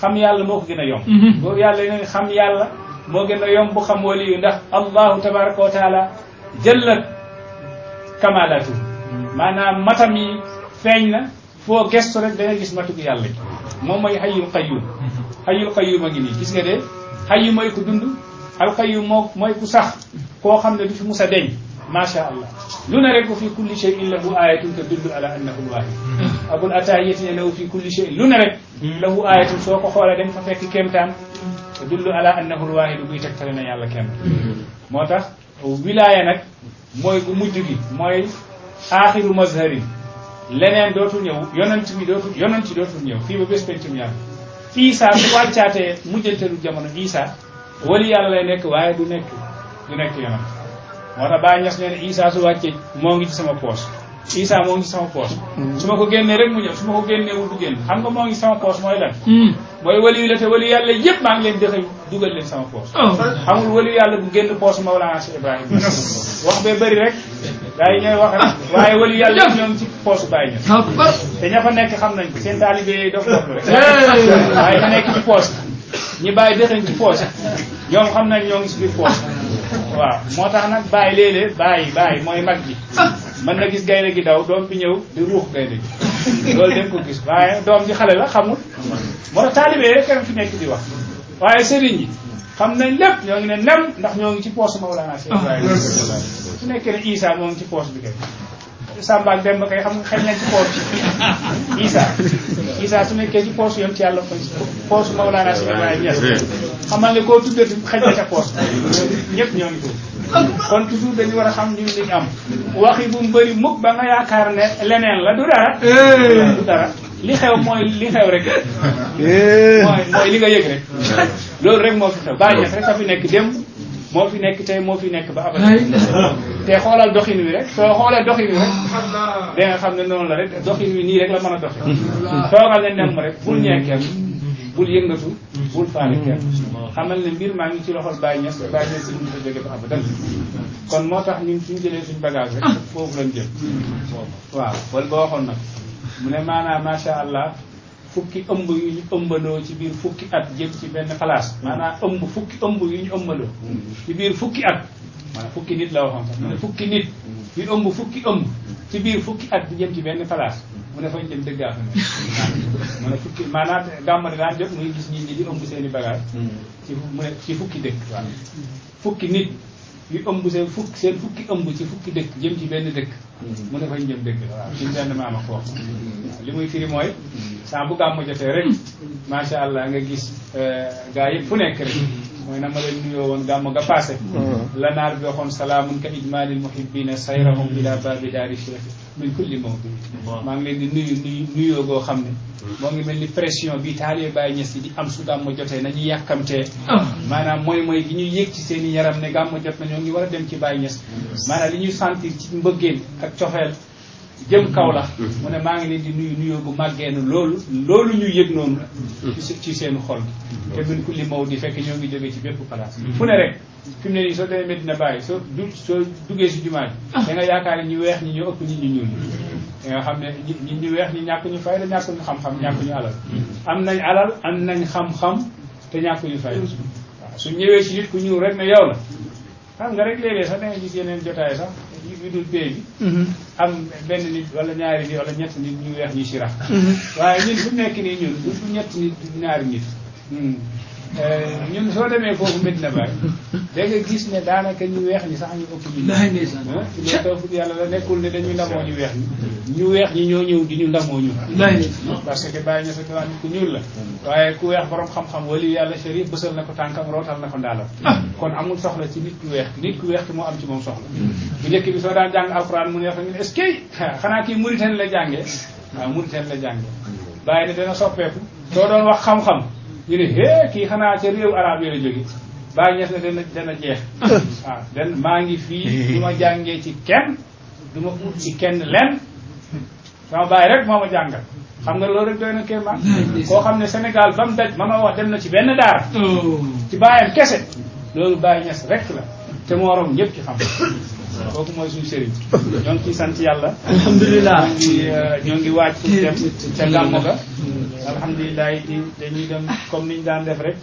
xam yàlla moo ko gën a yomb mhm. boobu yàlla neen xam yàlla moo gën a yomb xam waliyu ndax allahu tabaraka wa taala jëllat kamalatu maanaam matam yi feeñ na foo gestu rek da nga gis matug yàlla gi moom mooy xayul xayum xayul mhm. xayum a ngi nii gis nga de xayu mooy ku dund alxayum moo mooy ku sax koo xam ne du fi mus deñ macha allah lu ne rek wa fi kulli shay'in lahu ayatun tadullu ala annahu alwahid abul atahiyati ne lahu fi kulli shay'in lu ne rek lahu ayatun soo ko xoolee dañ fa fekk kéemtaan tadullu ala annahu alwahid buy tegtale na yàlla kenn moo tax wilaaya nag mooy bu mujj gi mooy aaxiru mazharin leneen dootul ñëw yonent bi dootul yonent ñëw fii ba bés pencum yàlla isa bu wàccaatee mujjanteelu jamono isa wali yàlla lay nekk waaye du nekk du nekk yonent moo tax Baay Ñas nee na su wàccee moo ngi ci sama poos Isa moo ngi ci sama poos mm. su ma ko génnee rek mu ñëw su ma ko génnee wul du génn xam nga moo ngi ci sama poos mooy lan mm. mooy waliyu la te waliyu yàlla yëpp maa ngi leen dëxëñ dugal leen sama poos oh. xamul waliyu yàlla bu génn poos ma Cheikh Ibrahima wax bee bëri rek daa yi ñooy wax rek ah. yàlla ñoo ngi ci poos Baay Ñas te ña fa nekk xam nañ seen taalibe yooyu dof dof rek waaye fa nekk ci poos ñi bàyyi dëxëñ ci poos ñoom xam nañ waaw moo tax nag bàyyi léeg-léeg bàyyi bàyyi mooy mag ji mën na gis gaynde gi daw doom bi ñëw di ruux gaynde gi loolu dañ ko gis waaye doom ji xale la xamul moo tax taalibee rek kenn fi nekk di wax waaye sëriñ yi xam nañ lépp ñoo ngi ne nem ndax ñoo ngi ci poos Mawlana Cheikh Ibrahima ah. su nekkee ne Isa moo ngi ci poos bi kay Samba ak Demba kay xam nga xëy nañ ci poos bi Isa Isa su nekkee ci poos yam ci yàlla ko poos Mawlana Cheikh Ibrahima Niass xamal ne koo tuddati xëy na ca poos ñëpp ñoo ngi kon toujours dañu war a xam ñun li ñu am waxi bu mu bëri mukk ba nga yaakaar ne leneen la du dara eh. li xew mooy li xew rek eh. mooy li nga yëg rek loolu rek moo fi xew bàyyi rek a fi nekk dem moo fi nekk tey moo fi nekk ba abada te xoolal doxin wi rek soo xoolee doxin wi rek da xam ne noonu la rek doxin wi nii rek la mën a doxee toogal ne nem rek bul ñee kenn bul yëngatu faale kenn xamal ne mbir maa ngi ci loxol Baye Niass Baye Niass si ñu fa jóge ba abadan kon moo tax ñu suñ jëlee suñ bagage rek foofu lañ jëm ah. waaw wala boo waxoon nag mu ne maanaam macha allah fukki ëmb yu ñu ëmbandoo ci biir fukki at jëm ci benn place mm. maanaam ëmb fukki ëmb yu ñu ëmbandoo mm. ci biir fukki at maanaam fukki nit la waxoon sax mu mm. ne fukki nit yu ëmb fukki ëmb ci biir fukki at di jëm ci benn place mu ne fañ dem dëggaa fa ne mu ne fukki maanaam daan jot muy gis nit ñi di ëmb seen i bagage ci fukki dëkk fukki nit li ëmb seen fukk seen fukki ëmb ci fukki dëkk jëm ci benn dëkk mm-hmm. mu ne fañ jëm dëkk la waaw suñu benn maama ko wax li muy firi mooy mm-hmm. saa bu gàmmu jotee rek mm-hmm. macha allah nga gis euh, gaa yëpp fu nekk rek mooy na ma leen nuyoo woon gàmmu ga passé la naar bi waxoon salaamun ka ijmaalil muhibbina sayrahum ila baabi daari shirafi min kulli mawdu maa ngi leen di nuyu nuyu nuyoo goo xam ne hmm. moo ngi mel ni pression bi taalee bàyyi ñes yi di am su gàmmu jotee nañu yàkkamtee ah. maanaam mooy mooy gi ñuy yëg ci seen i yaram ne gàmmu jot na ñoo ngi war a dem ci bàyyi ñes hmm. maanaam li ñuy sentir ci mbëggeel ak cofeel jëm kaw la mu ne maa ngi leen di nuyu nuyoo bu màggee nu loolu loolu ñu yëg noonu ci seen xol te min kulli di fekk ñoo ngi jógee ci bépp place fu ne rek fi mu ne nii soo demee Medina Baye soo soo duggee si jumaa ji da nga yaakaar ñu weex ñi ñoo ëpp nit ñu ñuul ñi nga xam ne ñi ñu weex ñi ñàkk ñu fayda ñàkk ñu xam-xam ñàkk ñu alal am nañ alal am nañ xam-xam te ñàkk ñu fayda su ñëwee si nit ku ñuul rek ne yow la xam nga rek léeg-léeg sax da gis yeneen jotaay ñu dul pay bi mhm. am benn nit wala ñaari nit wala ñett nit ñu weex ñu sirax mhm. waaye ñun bu nekk nii ñun bu ñett nit ñaari nit hmm. Eh, ñun soo demee foofu Medina Baye da nga gis ne daanaka ñu weex ñi sax ñu ëpp ñu ah, loolu tawfiq yàlla la nekkul ne dañu ndamoo ñu weex ñi ñu weex ñi ñoo ñëw di ñu ndamoo ñu parce que bàyyi ña saki waa nit la waaye ku weex borom xam-xam wali yàlla chérif bësal na ko tànkam rootal na ko ndaalam ah. kon amul soxla ci nit ku weex nit ku weex ki moo am ci moom soxla bu njëkk bi soo daan jàng alquran mu neex ñu ne est-ce que xanaa kii Mauritanie la jàngee waaw ah, Mauritanie la jànge bàyyi ne dana soppeeku soo doon wax xam-xam ñu ne hee kii xanaa ca réew arab yooyu jóge bàyyi ñes ne dana dana jeex waaw ah, dan maa ngi fii du ma jàngee ci kenn du ut ci kenn lenn sama bàyyi rek moo ma jàngal xam nga loolu rek doy na kéemaan koo xam ne senegal ba mu ma ma wax dem na ci benn daara oh. ci bàyyam kese loolu bàyyi ñes rek la te moo room ñëpp ci xam kooku mooy suñu sëriñ ñoo ngi ciy sant yàlla alhamdulilah euh, ñoo ngi waaj pour dem ca gàmmo ga alhamdulilah yi dañuy dem comme niñ daan def rek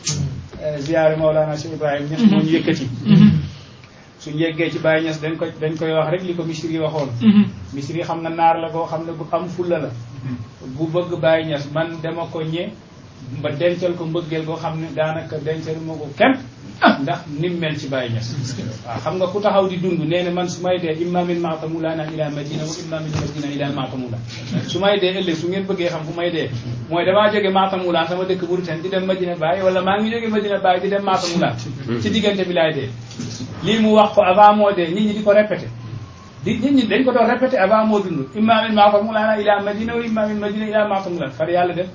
euh, ziyaare Mawlana Cheikh Ibrahima Ñas moo ñu yëkkati suñu yeggee ci Baye Ñas dañ ko dañ koy wax rek li ko misir yi waxoon misir yi xam nga naar la koo xam ne bu am fulla la bu bëgg Baye Ñas man dama ko ñe ba dencal ko mbëggeel koo xam ne daanaka dencal moo ko kenn Ah, ndax nim mel ci Baye Niass waa ah, xam nga ku taxaw di dund nee na man su may dee imma min maatamulaana ila madina wa imma min madina ila maatamula su may dee ëllëg xam fu may dee mooy damaa jóge maatamulaan sama dëkk Mauritanie di dem Madina Baye wala maa ngi jóge Madina Baye di dem diggante bi lii mu wax ko avant moo dee ko répété di nit ñi dañ ko doon répété avant moo dund imma min maatamulaana ila madina wa imma min madina ila maatamulaan far yàlla def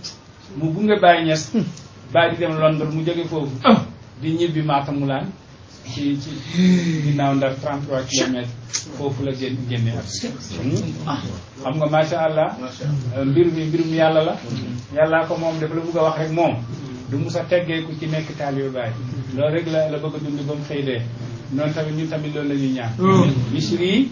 mu gunge Baye Niass Baye di dem Londres mu jóge foofu di ñibbi Matam Moulaan ci ci ginnaaw Ndar 33 kilomètres foofu la génn génne ak ah. xam nga macha allah mbir mi mbirum yàlla la yàllaa ko moom dafa la bëgg a wax rek moom du mus a teggeeku ci nekk taalibe Baay loolu rek la la bëgg a dund ba mu xëy dee noonu tamit ñun tamit loolu la ñaan oh. misri yi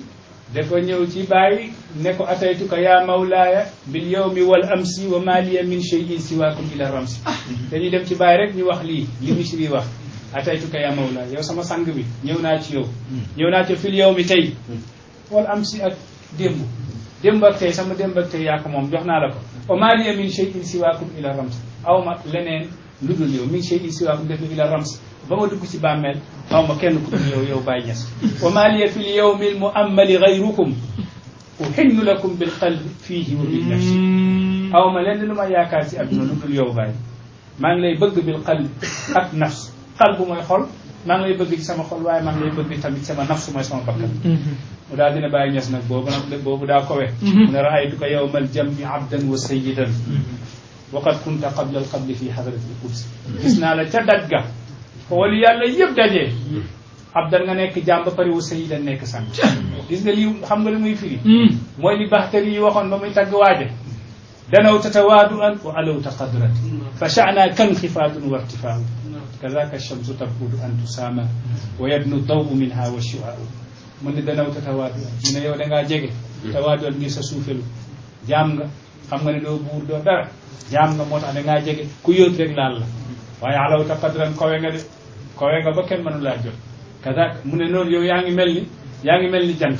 dafa ñëw ci bàyyi ne ko ataytuka yaa mawlaaya bil mi wal amsi wa maaliya min shay'in siwaakum ila ramsi ah. dañuy def ci bàyyi rek ñu wax lii li misri wax ataytuka yaa mawlaaya yow sama sang bi ñëw naa ci yow hmm. ñëw naa ci fil mi tey hmm. wal si ak démb démb ak tey sama démb ak tey yaa ko moom jox naa la ko wa maaliya min shay'in siwaakum ila ramsi awma leneen lu dul yow min shay siwa ko def ila rams ba ma dugg ci bàmmeel xaw ma kenn ku dul yow yow bàyyi ñes wa ma liya fi lyawmi almuammali gayrukum uxillu lakum bilqalbi fiihi wa binnafsi aw ma lenn lu ma yaakaar ci adduna lu dul yow bàyyi maa ngi lay bëgg bil qalbi ak nafs qalbu mooy xol maa ngi lay bëgg ci sama xol waaye maa ngi lay bëgg tamit sama nafsu mooy sama bakkan mu daal dina bàyyi ñes nag boobu nag boobu daa kowe mu ne raaytu ko yowmal jami abdan wa sayidan waqad kunta qabla alqabli fi hadratil quds gis naa la ca daj ga xool yàlla yëpp dajee abdan nga nekk jaam ba pare wu sayyidan nekk sant gis nga lii xam nga li muy firi hmm. mooy li baxtari yi waxoon ba muy tagg waaje danaw tatawaadu an wa alawta qadrat fa sha'na kan xifaatun wa irtifaau kazaka shamsu tabhudu an tusaama wa yadnu dawu minha wa shu'aau mu ne danaw tatawaadu an mu ne yow dangaa jege hmm. tawaadu an ngir sa suufelu jaam nga xam nga ne doo buur doo dara jaam nga moo tax da ngaa jege ku yóot rek laal la waaye alaw ta qadran kawe nga de kawe nga ba kenn mënu laa jot kazak mu ne noonu yow yaa ngi mel ni yaa ngi mel ni jant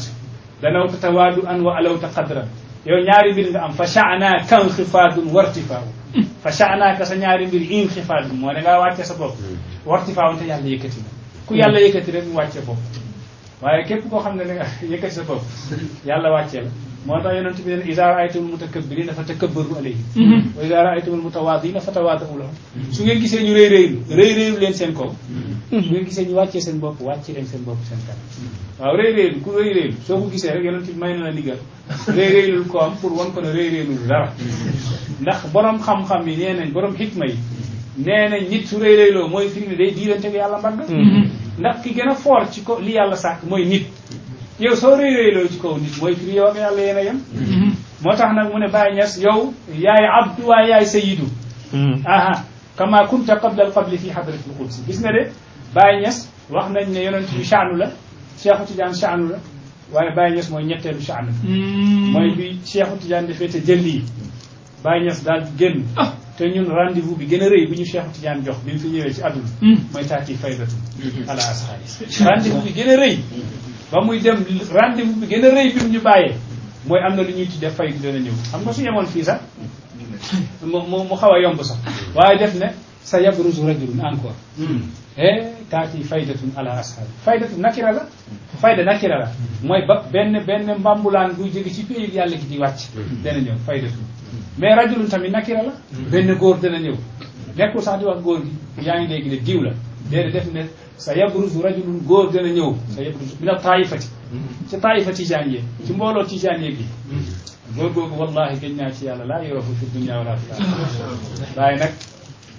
danawta tawaadu an wa alawta qadran yow ñaari mbir nga am fa sha'naaka inxifaadun wartifaaw fa sha'naaka sa ñaari mbir inxifaadun moo ne ngaa wàcce sa bopp wartifaaw te yàlla yëkkati na ku yàlla yëkkati rek mu wàcce bopp waaye képp koo xam ne da nga yëkkati sa bopp yàlla wàcce la moo tax yonent bi neen izaa raaytumul mutakabbiriina fa takabbaru alayhim mhm. wa izaa raaytumul mutawaadiina fa tawaadaw lahum su ngeen gisee ñu rëy rëylu rëy rëylu leen seen kaw mhm. su ngeen gisee ñu wàccee seen bopp wàccee leen seen bopp seen kanam waaw rëy rëylu ku rëy rëylu soo ko gisee rek yonent bi may na la rëy rëylul ko am pour wan ko ne rëy rëylul dara ndax borom xam-xam yi nee nañ borom xikma yi nee nañ nit su rëy rëyloo mooy firi ne day mhm. a foor ci ko li yàlla sàkk mooy nit yow soo réy réyloo ci kaw nit mooy firi yow ak yàlla mm-hmm. moo tax nag mu ne Baye Niass yow yaay abdu waaye yaay sayidu mm-hmm. aha kama kunta qabla al qabli fi hadratil qudsi gis nga de Baye Niass wax nañ ne yonent bi shaanu la Cheikhu Tidiane shaanu la waaye Baye Niass mooy ñetteelu shaanu mm-hmm. mooy bi Cheikhu Tidiane dafee te jël yi Baye Niass daal génn ah. te ñun rendez bi gën a rëy bu ñu Cheikh Tidiane jox bi fi ñëwee ci àdduna mooy taati faydatu ala bi gën a ba muy dem rendez mu bi gën a rëy bi mu ñu bàyyee mooy am na lu ñuy def fay dana ñëw xam nga su yemoon fii sax mu mu xaw a yomb sax waaye def ne sa yabruzu rajulun encore hmm. eh taati faydatun ala ashaabi faydatu nakira la fayda nakira la mooy ba benn benn mbambulaan buy jóge ci péyib yàlla gi di wàcc hmm. dana ñëw faydatun mais rajulun tamit nakira la hmm. benn góor dana ñëw nekkul sax di wax góor gi yaa ngi léegi ne diw la de def ne sa yabruzu rajulun góor dana ñëw sa yabruzu bi na taayifati ci taayifa tijaaniye ci mbooloo tijaaniye gi góor googu wallahi gën naa ci yàlla laa yorofu fi dunya wala fi waaye nag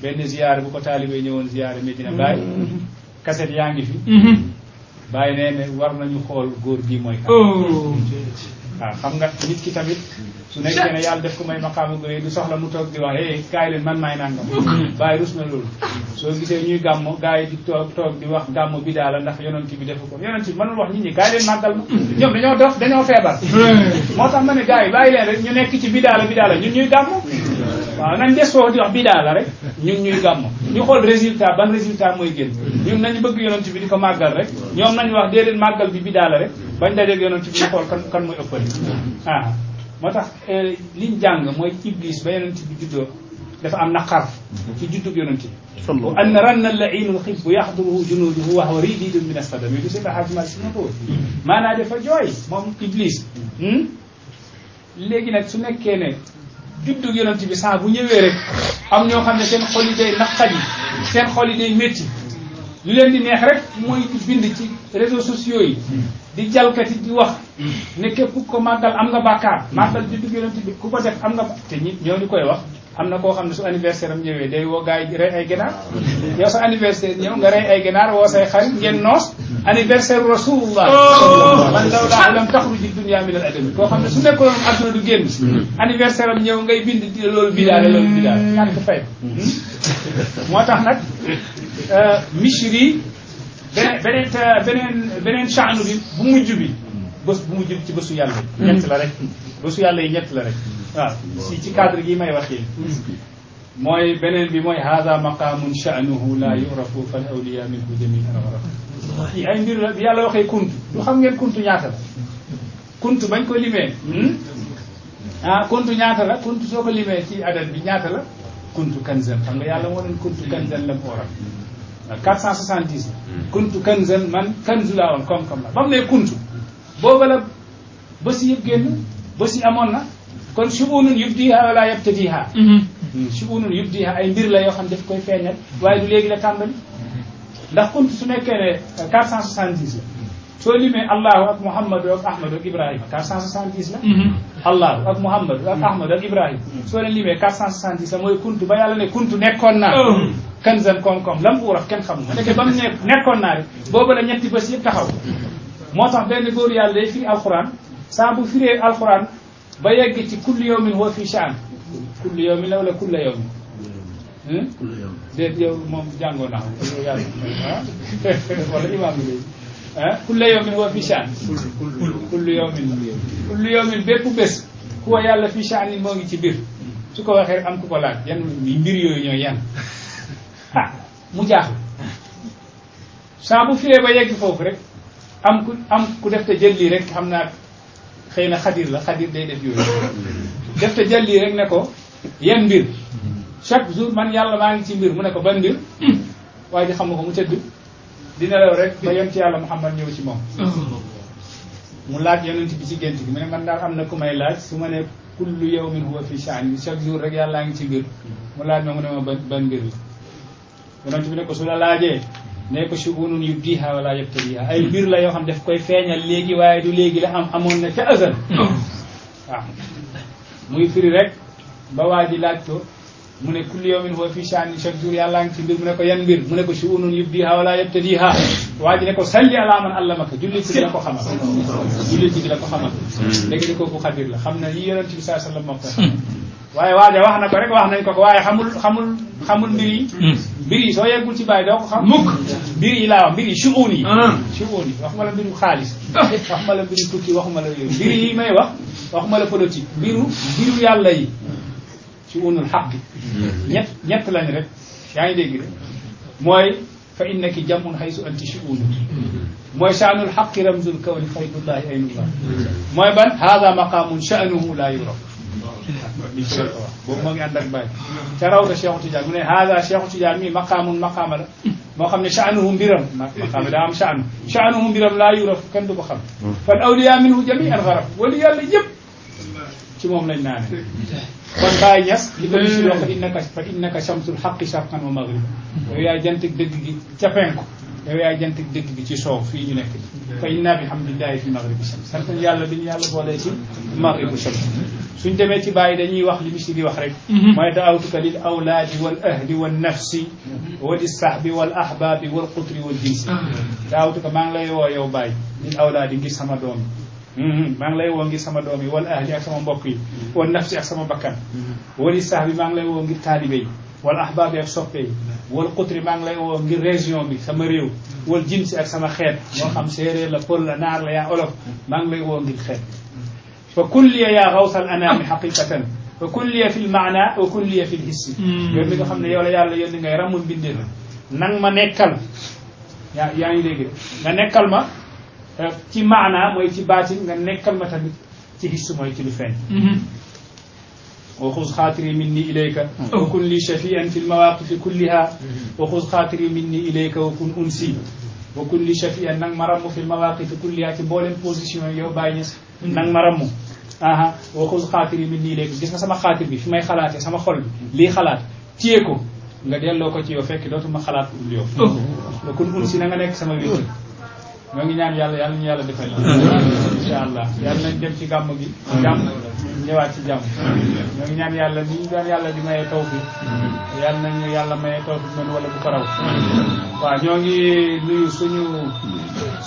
benn ziyaare bu ko taalibee ñëwoon ziyaare Medina Baye kaset yaa ngi fi mhm. Baye nee ne war nañu xool góor gi mooy kan oh. waaw xam nga nit ki tamit su nekkee ne yàlla def ko may maqaama goye du soxla mu toog di wax eh kaay man maay nangam bàyyi rus na loolu soo gisee ñuy gàmmo di toog toog di wax gàmmo bi daala ndax yonent bi defu ko yonent bi mënul wax nit ñi kaay leen màggal ma ñoom dañoo dañoo feebar moo tax ma ne gars yi bàyyi leen ñu nekk ci bi daala bi daala ñuy gàmmo waaw nañ des foofu di wax bi daala rek ñu ñuy gàmmo ñu xool résultat ban résultat mooy génn ñun nañu bëgg yonent bi di ko màggal rek ñoom nañ wax déedéet màggal bi bi daala rek bañ dajeeg yonent bi ñu xool kan kan mooy ëppale ah moo tax eh, liñ jàng mooy iblis ba yonent bi juddoo dafa am naqar ci juddug yonent bi wa ann ranna lainu lxibbu yaxduruhu junuduhu wa huwa rididun min asadami du si baxaajma si na ko maanaa dafa jooy moom iblis hmm? léegi nag su nekkee ne juddug yonent bi saabu bu ñëwee rek am ñoo xam ne seen xol yi yi seen xol yi day métti lu leen di neex rek mooy bind ci réseaux sociaux yi di jalkati di wax ne képp ko màggal am nga bàkkaar màggal di dugg yonent bi ku ko def am nga te ñi ñooñu koy wax am na koo xam ne su anniversaire am ñëwee day woo gars yi rey ay ginaar yow sa anniversaire ñëw nga rey ay ginaar woo say xarit ngeen noos anniversaire rasulullah oh! man law laa lam taxruji dunia min al adami koo xam ne su nekkoon adduna du génn anniversaire am ñëw ngay bind di loolu bidaale loolu bidaale ñàkk fay hmm? moo tax nag euh, misri beneen beneen euh, beneen beneen chaanu bi bu mujj bi bu mujj bi ci bésu yàlla yi hmm. ñett la rek bésu yàlla yi ñett la rek hmm. si ci cadre gi may wax yi hmm. mooy beneen bi mooy hada maqaamun sha'nuhu laa yurafu fal awliya minhu jami'an waraf yi ay mbir la bi yàlla waxee kuntu du xam ngeen kuntu ñaata la kuntu bañ ko limee ah kuntu ñaata la kuntu soo ko limee ci la kuntu kanzan xam nga yàlla moo leen kuntu kanzan la mu waral ndax 470 la. kuntu kanzan man kanzu laa woon koom-koom la ba mu ne kuntu. booba la bés yëpp génn bés yi amoon na kon subunun yubdiha wala yabtadiha. Hmm. Hmm, subunun yubdiha ay mbir la yoo xam daf koy feeñal waaye du léegi la tàmbali. Hmm. ndax kuntu su nekkee ne 470 la. تولي من الله أك محمد أك أحمد أك إبراهيم كاسان سان تيسلا الله أك محمد أك أحمد أك إبراهيم تولي من كاسان سان تيسلا مو يكون تبايا لنا يكون تنكون نار كن زن كم كم لم أعرف كن خم لك بام نكون نار بابا لم يأتي بس يتحاو ما تعبني بوري على في القرآن سابو في القرآن بايا جت كل يوم هو في شأن كل يوم لا ولا كل يوم كل يوم ده يوم جانغونا يا الله والله ما بيجي ah kulla yawmin huwa fi shaan bépp bés huwa yàlla fi moo ngi ci biir su ko waxee am ku ko laaj yan mbir yooyu ñooy yan ah, mu jaaxle saa bu firee ba yegg foofu rek am ku am ku def te jël lii rek xam naa xëy na xadir la xadir day def yooyu def te jël lii rek ne ko yan mbir mm-hmm. chaque jour man yàlla maa ngi ci mbir mu ne ko ban mbir waaye xam nga ko mu tëdd di nelaw rek ba yonent yàlla mu Muhammad ñëw ci moom mu laaj yonent bi ci gént gi mu ne man daal am na ku may laaj su ma ne kullu yawmin huwa fi sha'n chaque jour rek yàllaa ngi ci biir mu laaj ma mu ne ma ba ban mbir la yonent mu ne ko su la laajee ne ko shubunun yubdiha wala yabtadiha ay mbir la yoo xam daf koy feeñal léegi waaye du léegi la am amoon na ca azal waaw muy firi rek ba waa ji laaj ko mu ne kulli yawmin huwa fi sha'nin chaque jour yàllaa ngi ci mbir mu ko yan mbir mu ne ko shu'unun yubdiha wala yabtadiha waa ji ne ko salli ala man allamaka jullit ci di la ko xamal jullit ci di la ko xamal léegi di la xam na yi yonent bi saa sallam moo ko waaye waaja wax na ko rek wax nañ ko ko waaye xamul xamul xamul mbir yi hmm. mbir yi soo yeggul ci bàyyi doo ko xam mukk mbir yi laa wax mbir yi shu'un yi yi ah. waxuma la mbiru xaalis waxuma la mbiru tukki la yooyu mbir yi may wax waxuma la politique mbiru mbiru yàlla ci unul xaq ñett ñett lañ rek yaa ngi dégg de mooy fa innaki jamun xaysu anti si unu mooy shaanul xaqi ramzul kawni faydullahi aynullah mooy ban hada maqamun sha'nuhu la yuraf boobu moo ngi ànd ak bàyyi ca raw da Cheikh Tidiane mu ne hada Cheikh Tidiane mi maqaamun maqaama la moo xam ne sha'nuhu mbiram maqaama daa am sha'nu sha'nuhu mbiram la yuraf kenn du ko xam fan awliya minhu jami al gharab wali yàlla yëpp ci moom lañ naane kon Baye Niass li ko bisi loo ko innaka fa innaka shamsul xaqi sharqan wa maghrib yow yaay jantik dëgg gi ca penku yow yaay jantik dëgg gi ci soow fii ñu nekk fa inna bi hamdillahi fi maghribi shams sant yàlla bi ñu yàlla boolee ci maghribu shams suñ demee ci bàyyi dañuy wax li misi di wax rek mooy daawtuka lil awlaadi wal ahli wal nafsi wa li sahbi wal ahbaabi wal qutri wal jinsi daawtuka maa ngi lay woo yow Baye lil awlaadi ngir sama doom maa ngi lay woo ngir sama doom yi wal ahli ak sama mbokk yi wal nafsi ak sama bakkan wali sax bi maa ngi lay woo ngir taalibe yi wal ahbaab yi ak soppe yi wal xutri maa ngi lay woo ngir région bi sama réew wal jinsi ak sama xeet moo xam séeréer la pël la naar la yaa olof maa ngi lay woo ngir xeet fa kulliya yaa xawsal anaami xaqiqatan wa kulliya fi lmaana wa kulliya fi lhissi yow mi nga xam ne yow la yàlla yónni ngay ramu mbindee nang ma nekkal yaa yaa ngi dégg nga nekkal ma ci maanaa mooy ci baatin nga nekkal ma tamit ci hissu mooy ci lu feeñ mm-hmm. wa xuz xaatiri mm-hmm. mm-hmm. minni ilayka wa kun li shafian fi lmawaqifi li shafian ma ramm fi lmawaqifi kulliha ci mboolem yow bàyyi ñes ma ramm aha wa xuz xaatiri minni ilayka gis nga sama xaatir may xalaatee sama xol lii xalaat téye ko nga delloo ko ci yow fekk dootuma xalaat oh. nekk sama wéttal ñoo ngi ñaan yàlla yàlla ñu yàlla defal incha allah yàlla nañ dem ci gàmm gi jàmm ñëwaat ci jàmm ñoo ngi ñaan yàlla ni ñu doon yàlla di mayee taw bi yàlla nañu yàlla mayee taw bi man wala bu ko raw waaw ñoo ngi nuyu suñu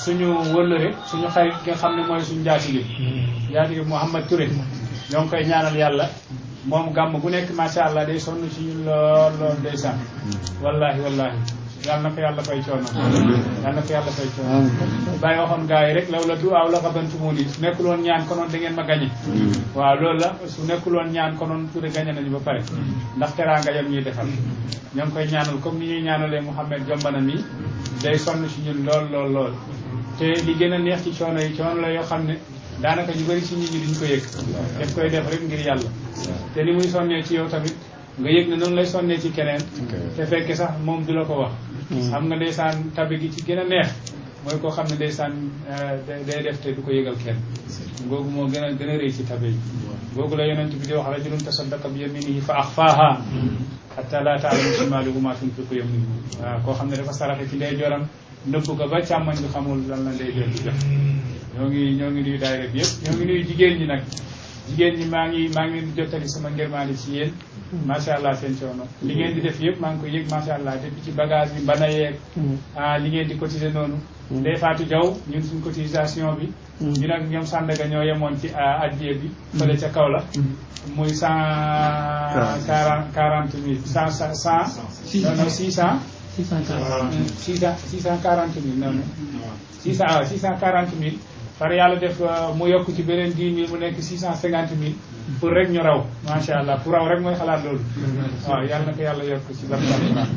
suñu wëllëre suñu xarit ki nga xam ne mooy suñu njaatige njaatige Mouhamad Touré ñoo ngi koy ñaanal yàlla moom gàmm gu nekk macha allah day sonn ci ñu lool lool day sàmm wallahi wallahi yàlla na ko yàlla fay coono yàlla na ko yàlla fay coono bàyyi waxoon gars yi rek law la du aaw la xabantumu ni su nekkuloon ñaan konoon da ngeen ma gañe waaw loolu la su nekkuloon ñaan konoon tuuti gañe nañu ba pare ndax teraanga yam ñuy defal ñoo ngi koy ñaanal comme ni ñuy ñaanalee Mouhamed Jombana mi day sonn si ñun lool lool lool te li gën a neex ci coono yi coono la yoo xam ne daanaka ñu bëri si nit ñi duñ ko yëg daf koy def rek ngir yàlla nga yëg ne noonu lay sonnee ci keneen te fekke sax moom du la ko wax mm. xam nga ndeysaan tabe gi ci gën a neex mooy koo xam ne ndeysaan euh, day def te du ko yëgal kenn moo gën a gën a rëy ci tabe la yonent bi di wax rajulun tasaddaqa bi yaminihi fa axfaaha mm. hatta la taalamu shimaaluhu maa tunfiqu yaminuhu waaw koo xam ne dafa saraxe ci ndeyjooram nëbb ko ba càmmoñ bi xamul lan la ndeyjoor di def ñoo ngi ñoo ngi nuyu daayira yëpp ñoo ngi nuyu jigéen ñi nag jigéen ñi maa ngi maa ngi jottali sama ngërmaani ci yéen macha allah seen coono mm-hmm. li ngeen di def yëpp maa ngi koy yëg macha allah depuis ci bagage bi bana yeeg mm-hmm. ah li ngeen di cotiser noonu mm-hmm. day faatu jaw ñun suñ cotisation bi ñu nag ñoom Sandaga ñoo yemoon ci a ah, addiya bi fële ca kaw la muy cent quarante quarante mille cent cent six cent six cent six cent quarante mille noonu mm, six cent six quarante mille par ah, yàlla def euh, mu yokk ci beneen dix mille mu nekk six cent cinquante mille pour rek ñu raw macha allah pour raw rek mooy xalaat loolu waaw yàlla na ko yàlla yokk ci barka alquran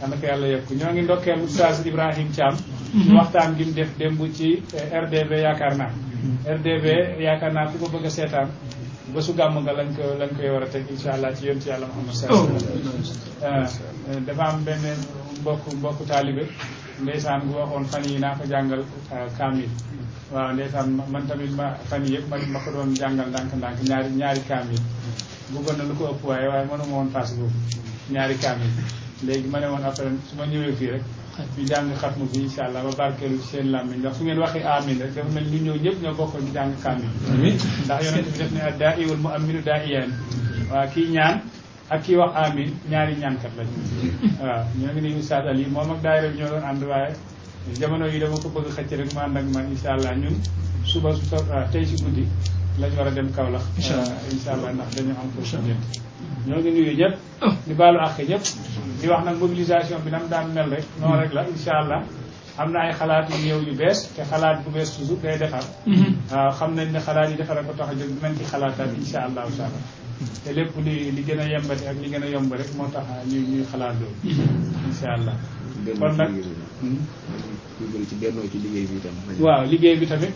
yàlla na ko yàlla yokk ñoo ngi ndokkeel oustaz Ibrahim gi mu def démb ci eh, RDV yaakaar naa RDV yaakaar naa ku ko bëgg a seetaan ba su gàmm nga lañ ko lañ koy war a teg incha allah ci yoon ci yàlla Muhammad sallallahu alayhi oh. eh, eh, dafa am benn mbokk mbokku taalibe ndeysaan bu waxoon fan yi naa ko jàngal euh, kaamil waaw ndeysaan man tamit ma fan yi yëpp ma ma ko doon jàngal ndànk-ndànk ñaari ñaari kaamil bëggoon na lu ko ëpp waaye waaye mënuma woon paas boobu ñaari kaamil léegi ma ne woon après su ma ñëwee fii rek ñu jàng xatmu bi incha allah ba barkeelu ci seen làmmiñ ndax su ngeen waxee amin rek dafa mel ñu ñëw ñëpp ñoo bokk di jàng kaamil ndax yonent bi def ne daa iwul mu am minu daa iyaan waa kii ñaan ak kii wax amin ñaari ñaankat lañ waaw ñoo ngi nii Oustaz yi moom ak daayira ñoo doon ànd waaye jamono yi dama ko bëgg xëcc rek ma ànd ak man incha allah ñun suba su ah, tey si guddi lañ war a dem Kaolack incha allah ah, ndax dañu am ko jënd ñoo ngi nuyu ñëpp di baalu àq ñëpp di wax nag mobilisation bi nag daan mel rek noonu rek la incha allah am na ay xalaat yu ñëw yu bees te xalaat bu bees toujours day defar waaw mhm. ah, xam nañ ne xalaat yi defar ko a jóg dinañ ci xalaataat incha te lépp li li gën a yembati ak li gën a yomb rek moo tax ñu ñuy xalaat loolu incha allah kon nag hmm? ci ci liggéey bi tam waaw liggéey bi tamit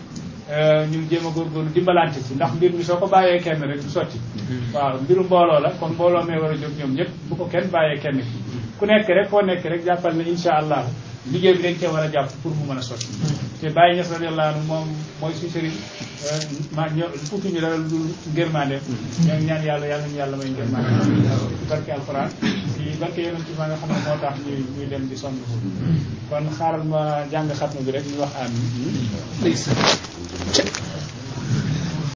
euh, ñu jéem a góorgóorlu dimbalante ci ndax mbir mi soo ko bàyyee kenn rek du sotti hmm. waaw mbiru mbooloo la kon mbooloo mee war a jóg ñoom ñëpp bu ko kenn bàyyee kenn hmm. ku nekk rek foo nekk rek jàppal na incha allah liggéey bi dañ cee war a jàpp pour bu mën a sotti hmm. te Baye Niass radiyallahu anhu moom mooy suñu sëriñ euh, ma ño utu ñu la lu dul ngërmande hmm. ñaan yàlla yàlla ñu yàlla may ngërmande ci hmm. barke alquran ci barke yonent ci ma nga xam ne moo tax ñuy ñuy dem di sonn kon xaaral ma jàng xatma bi rek ñu wax amin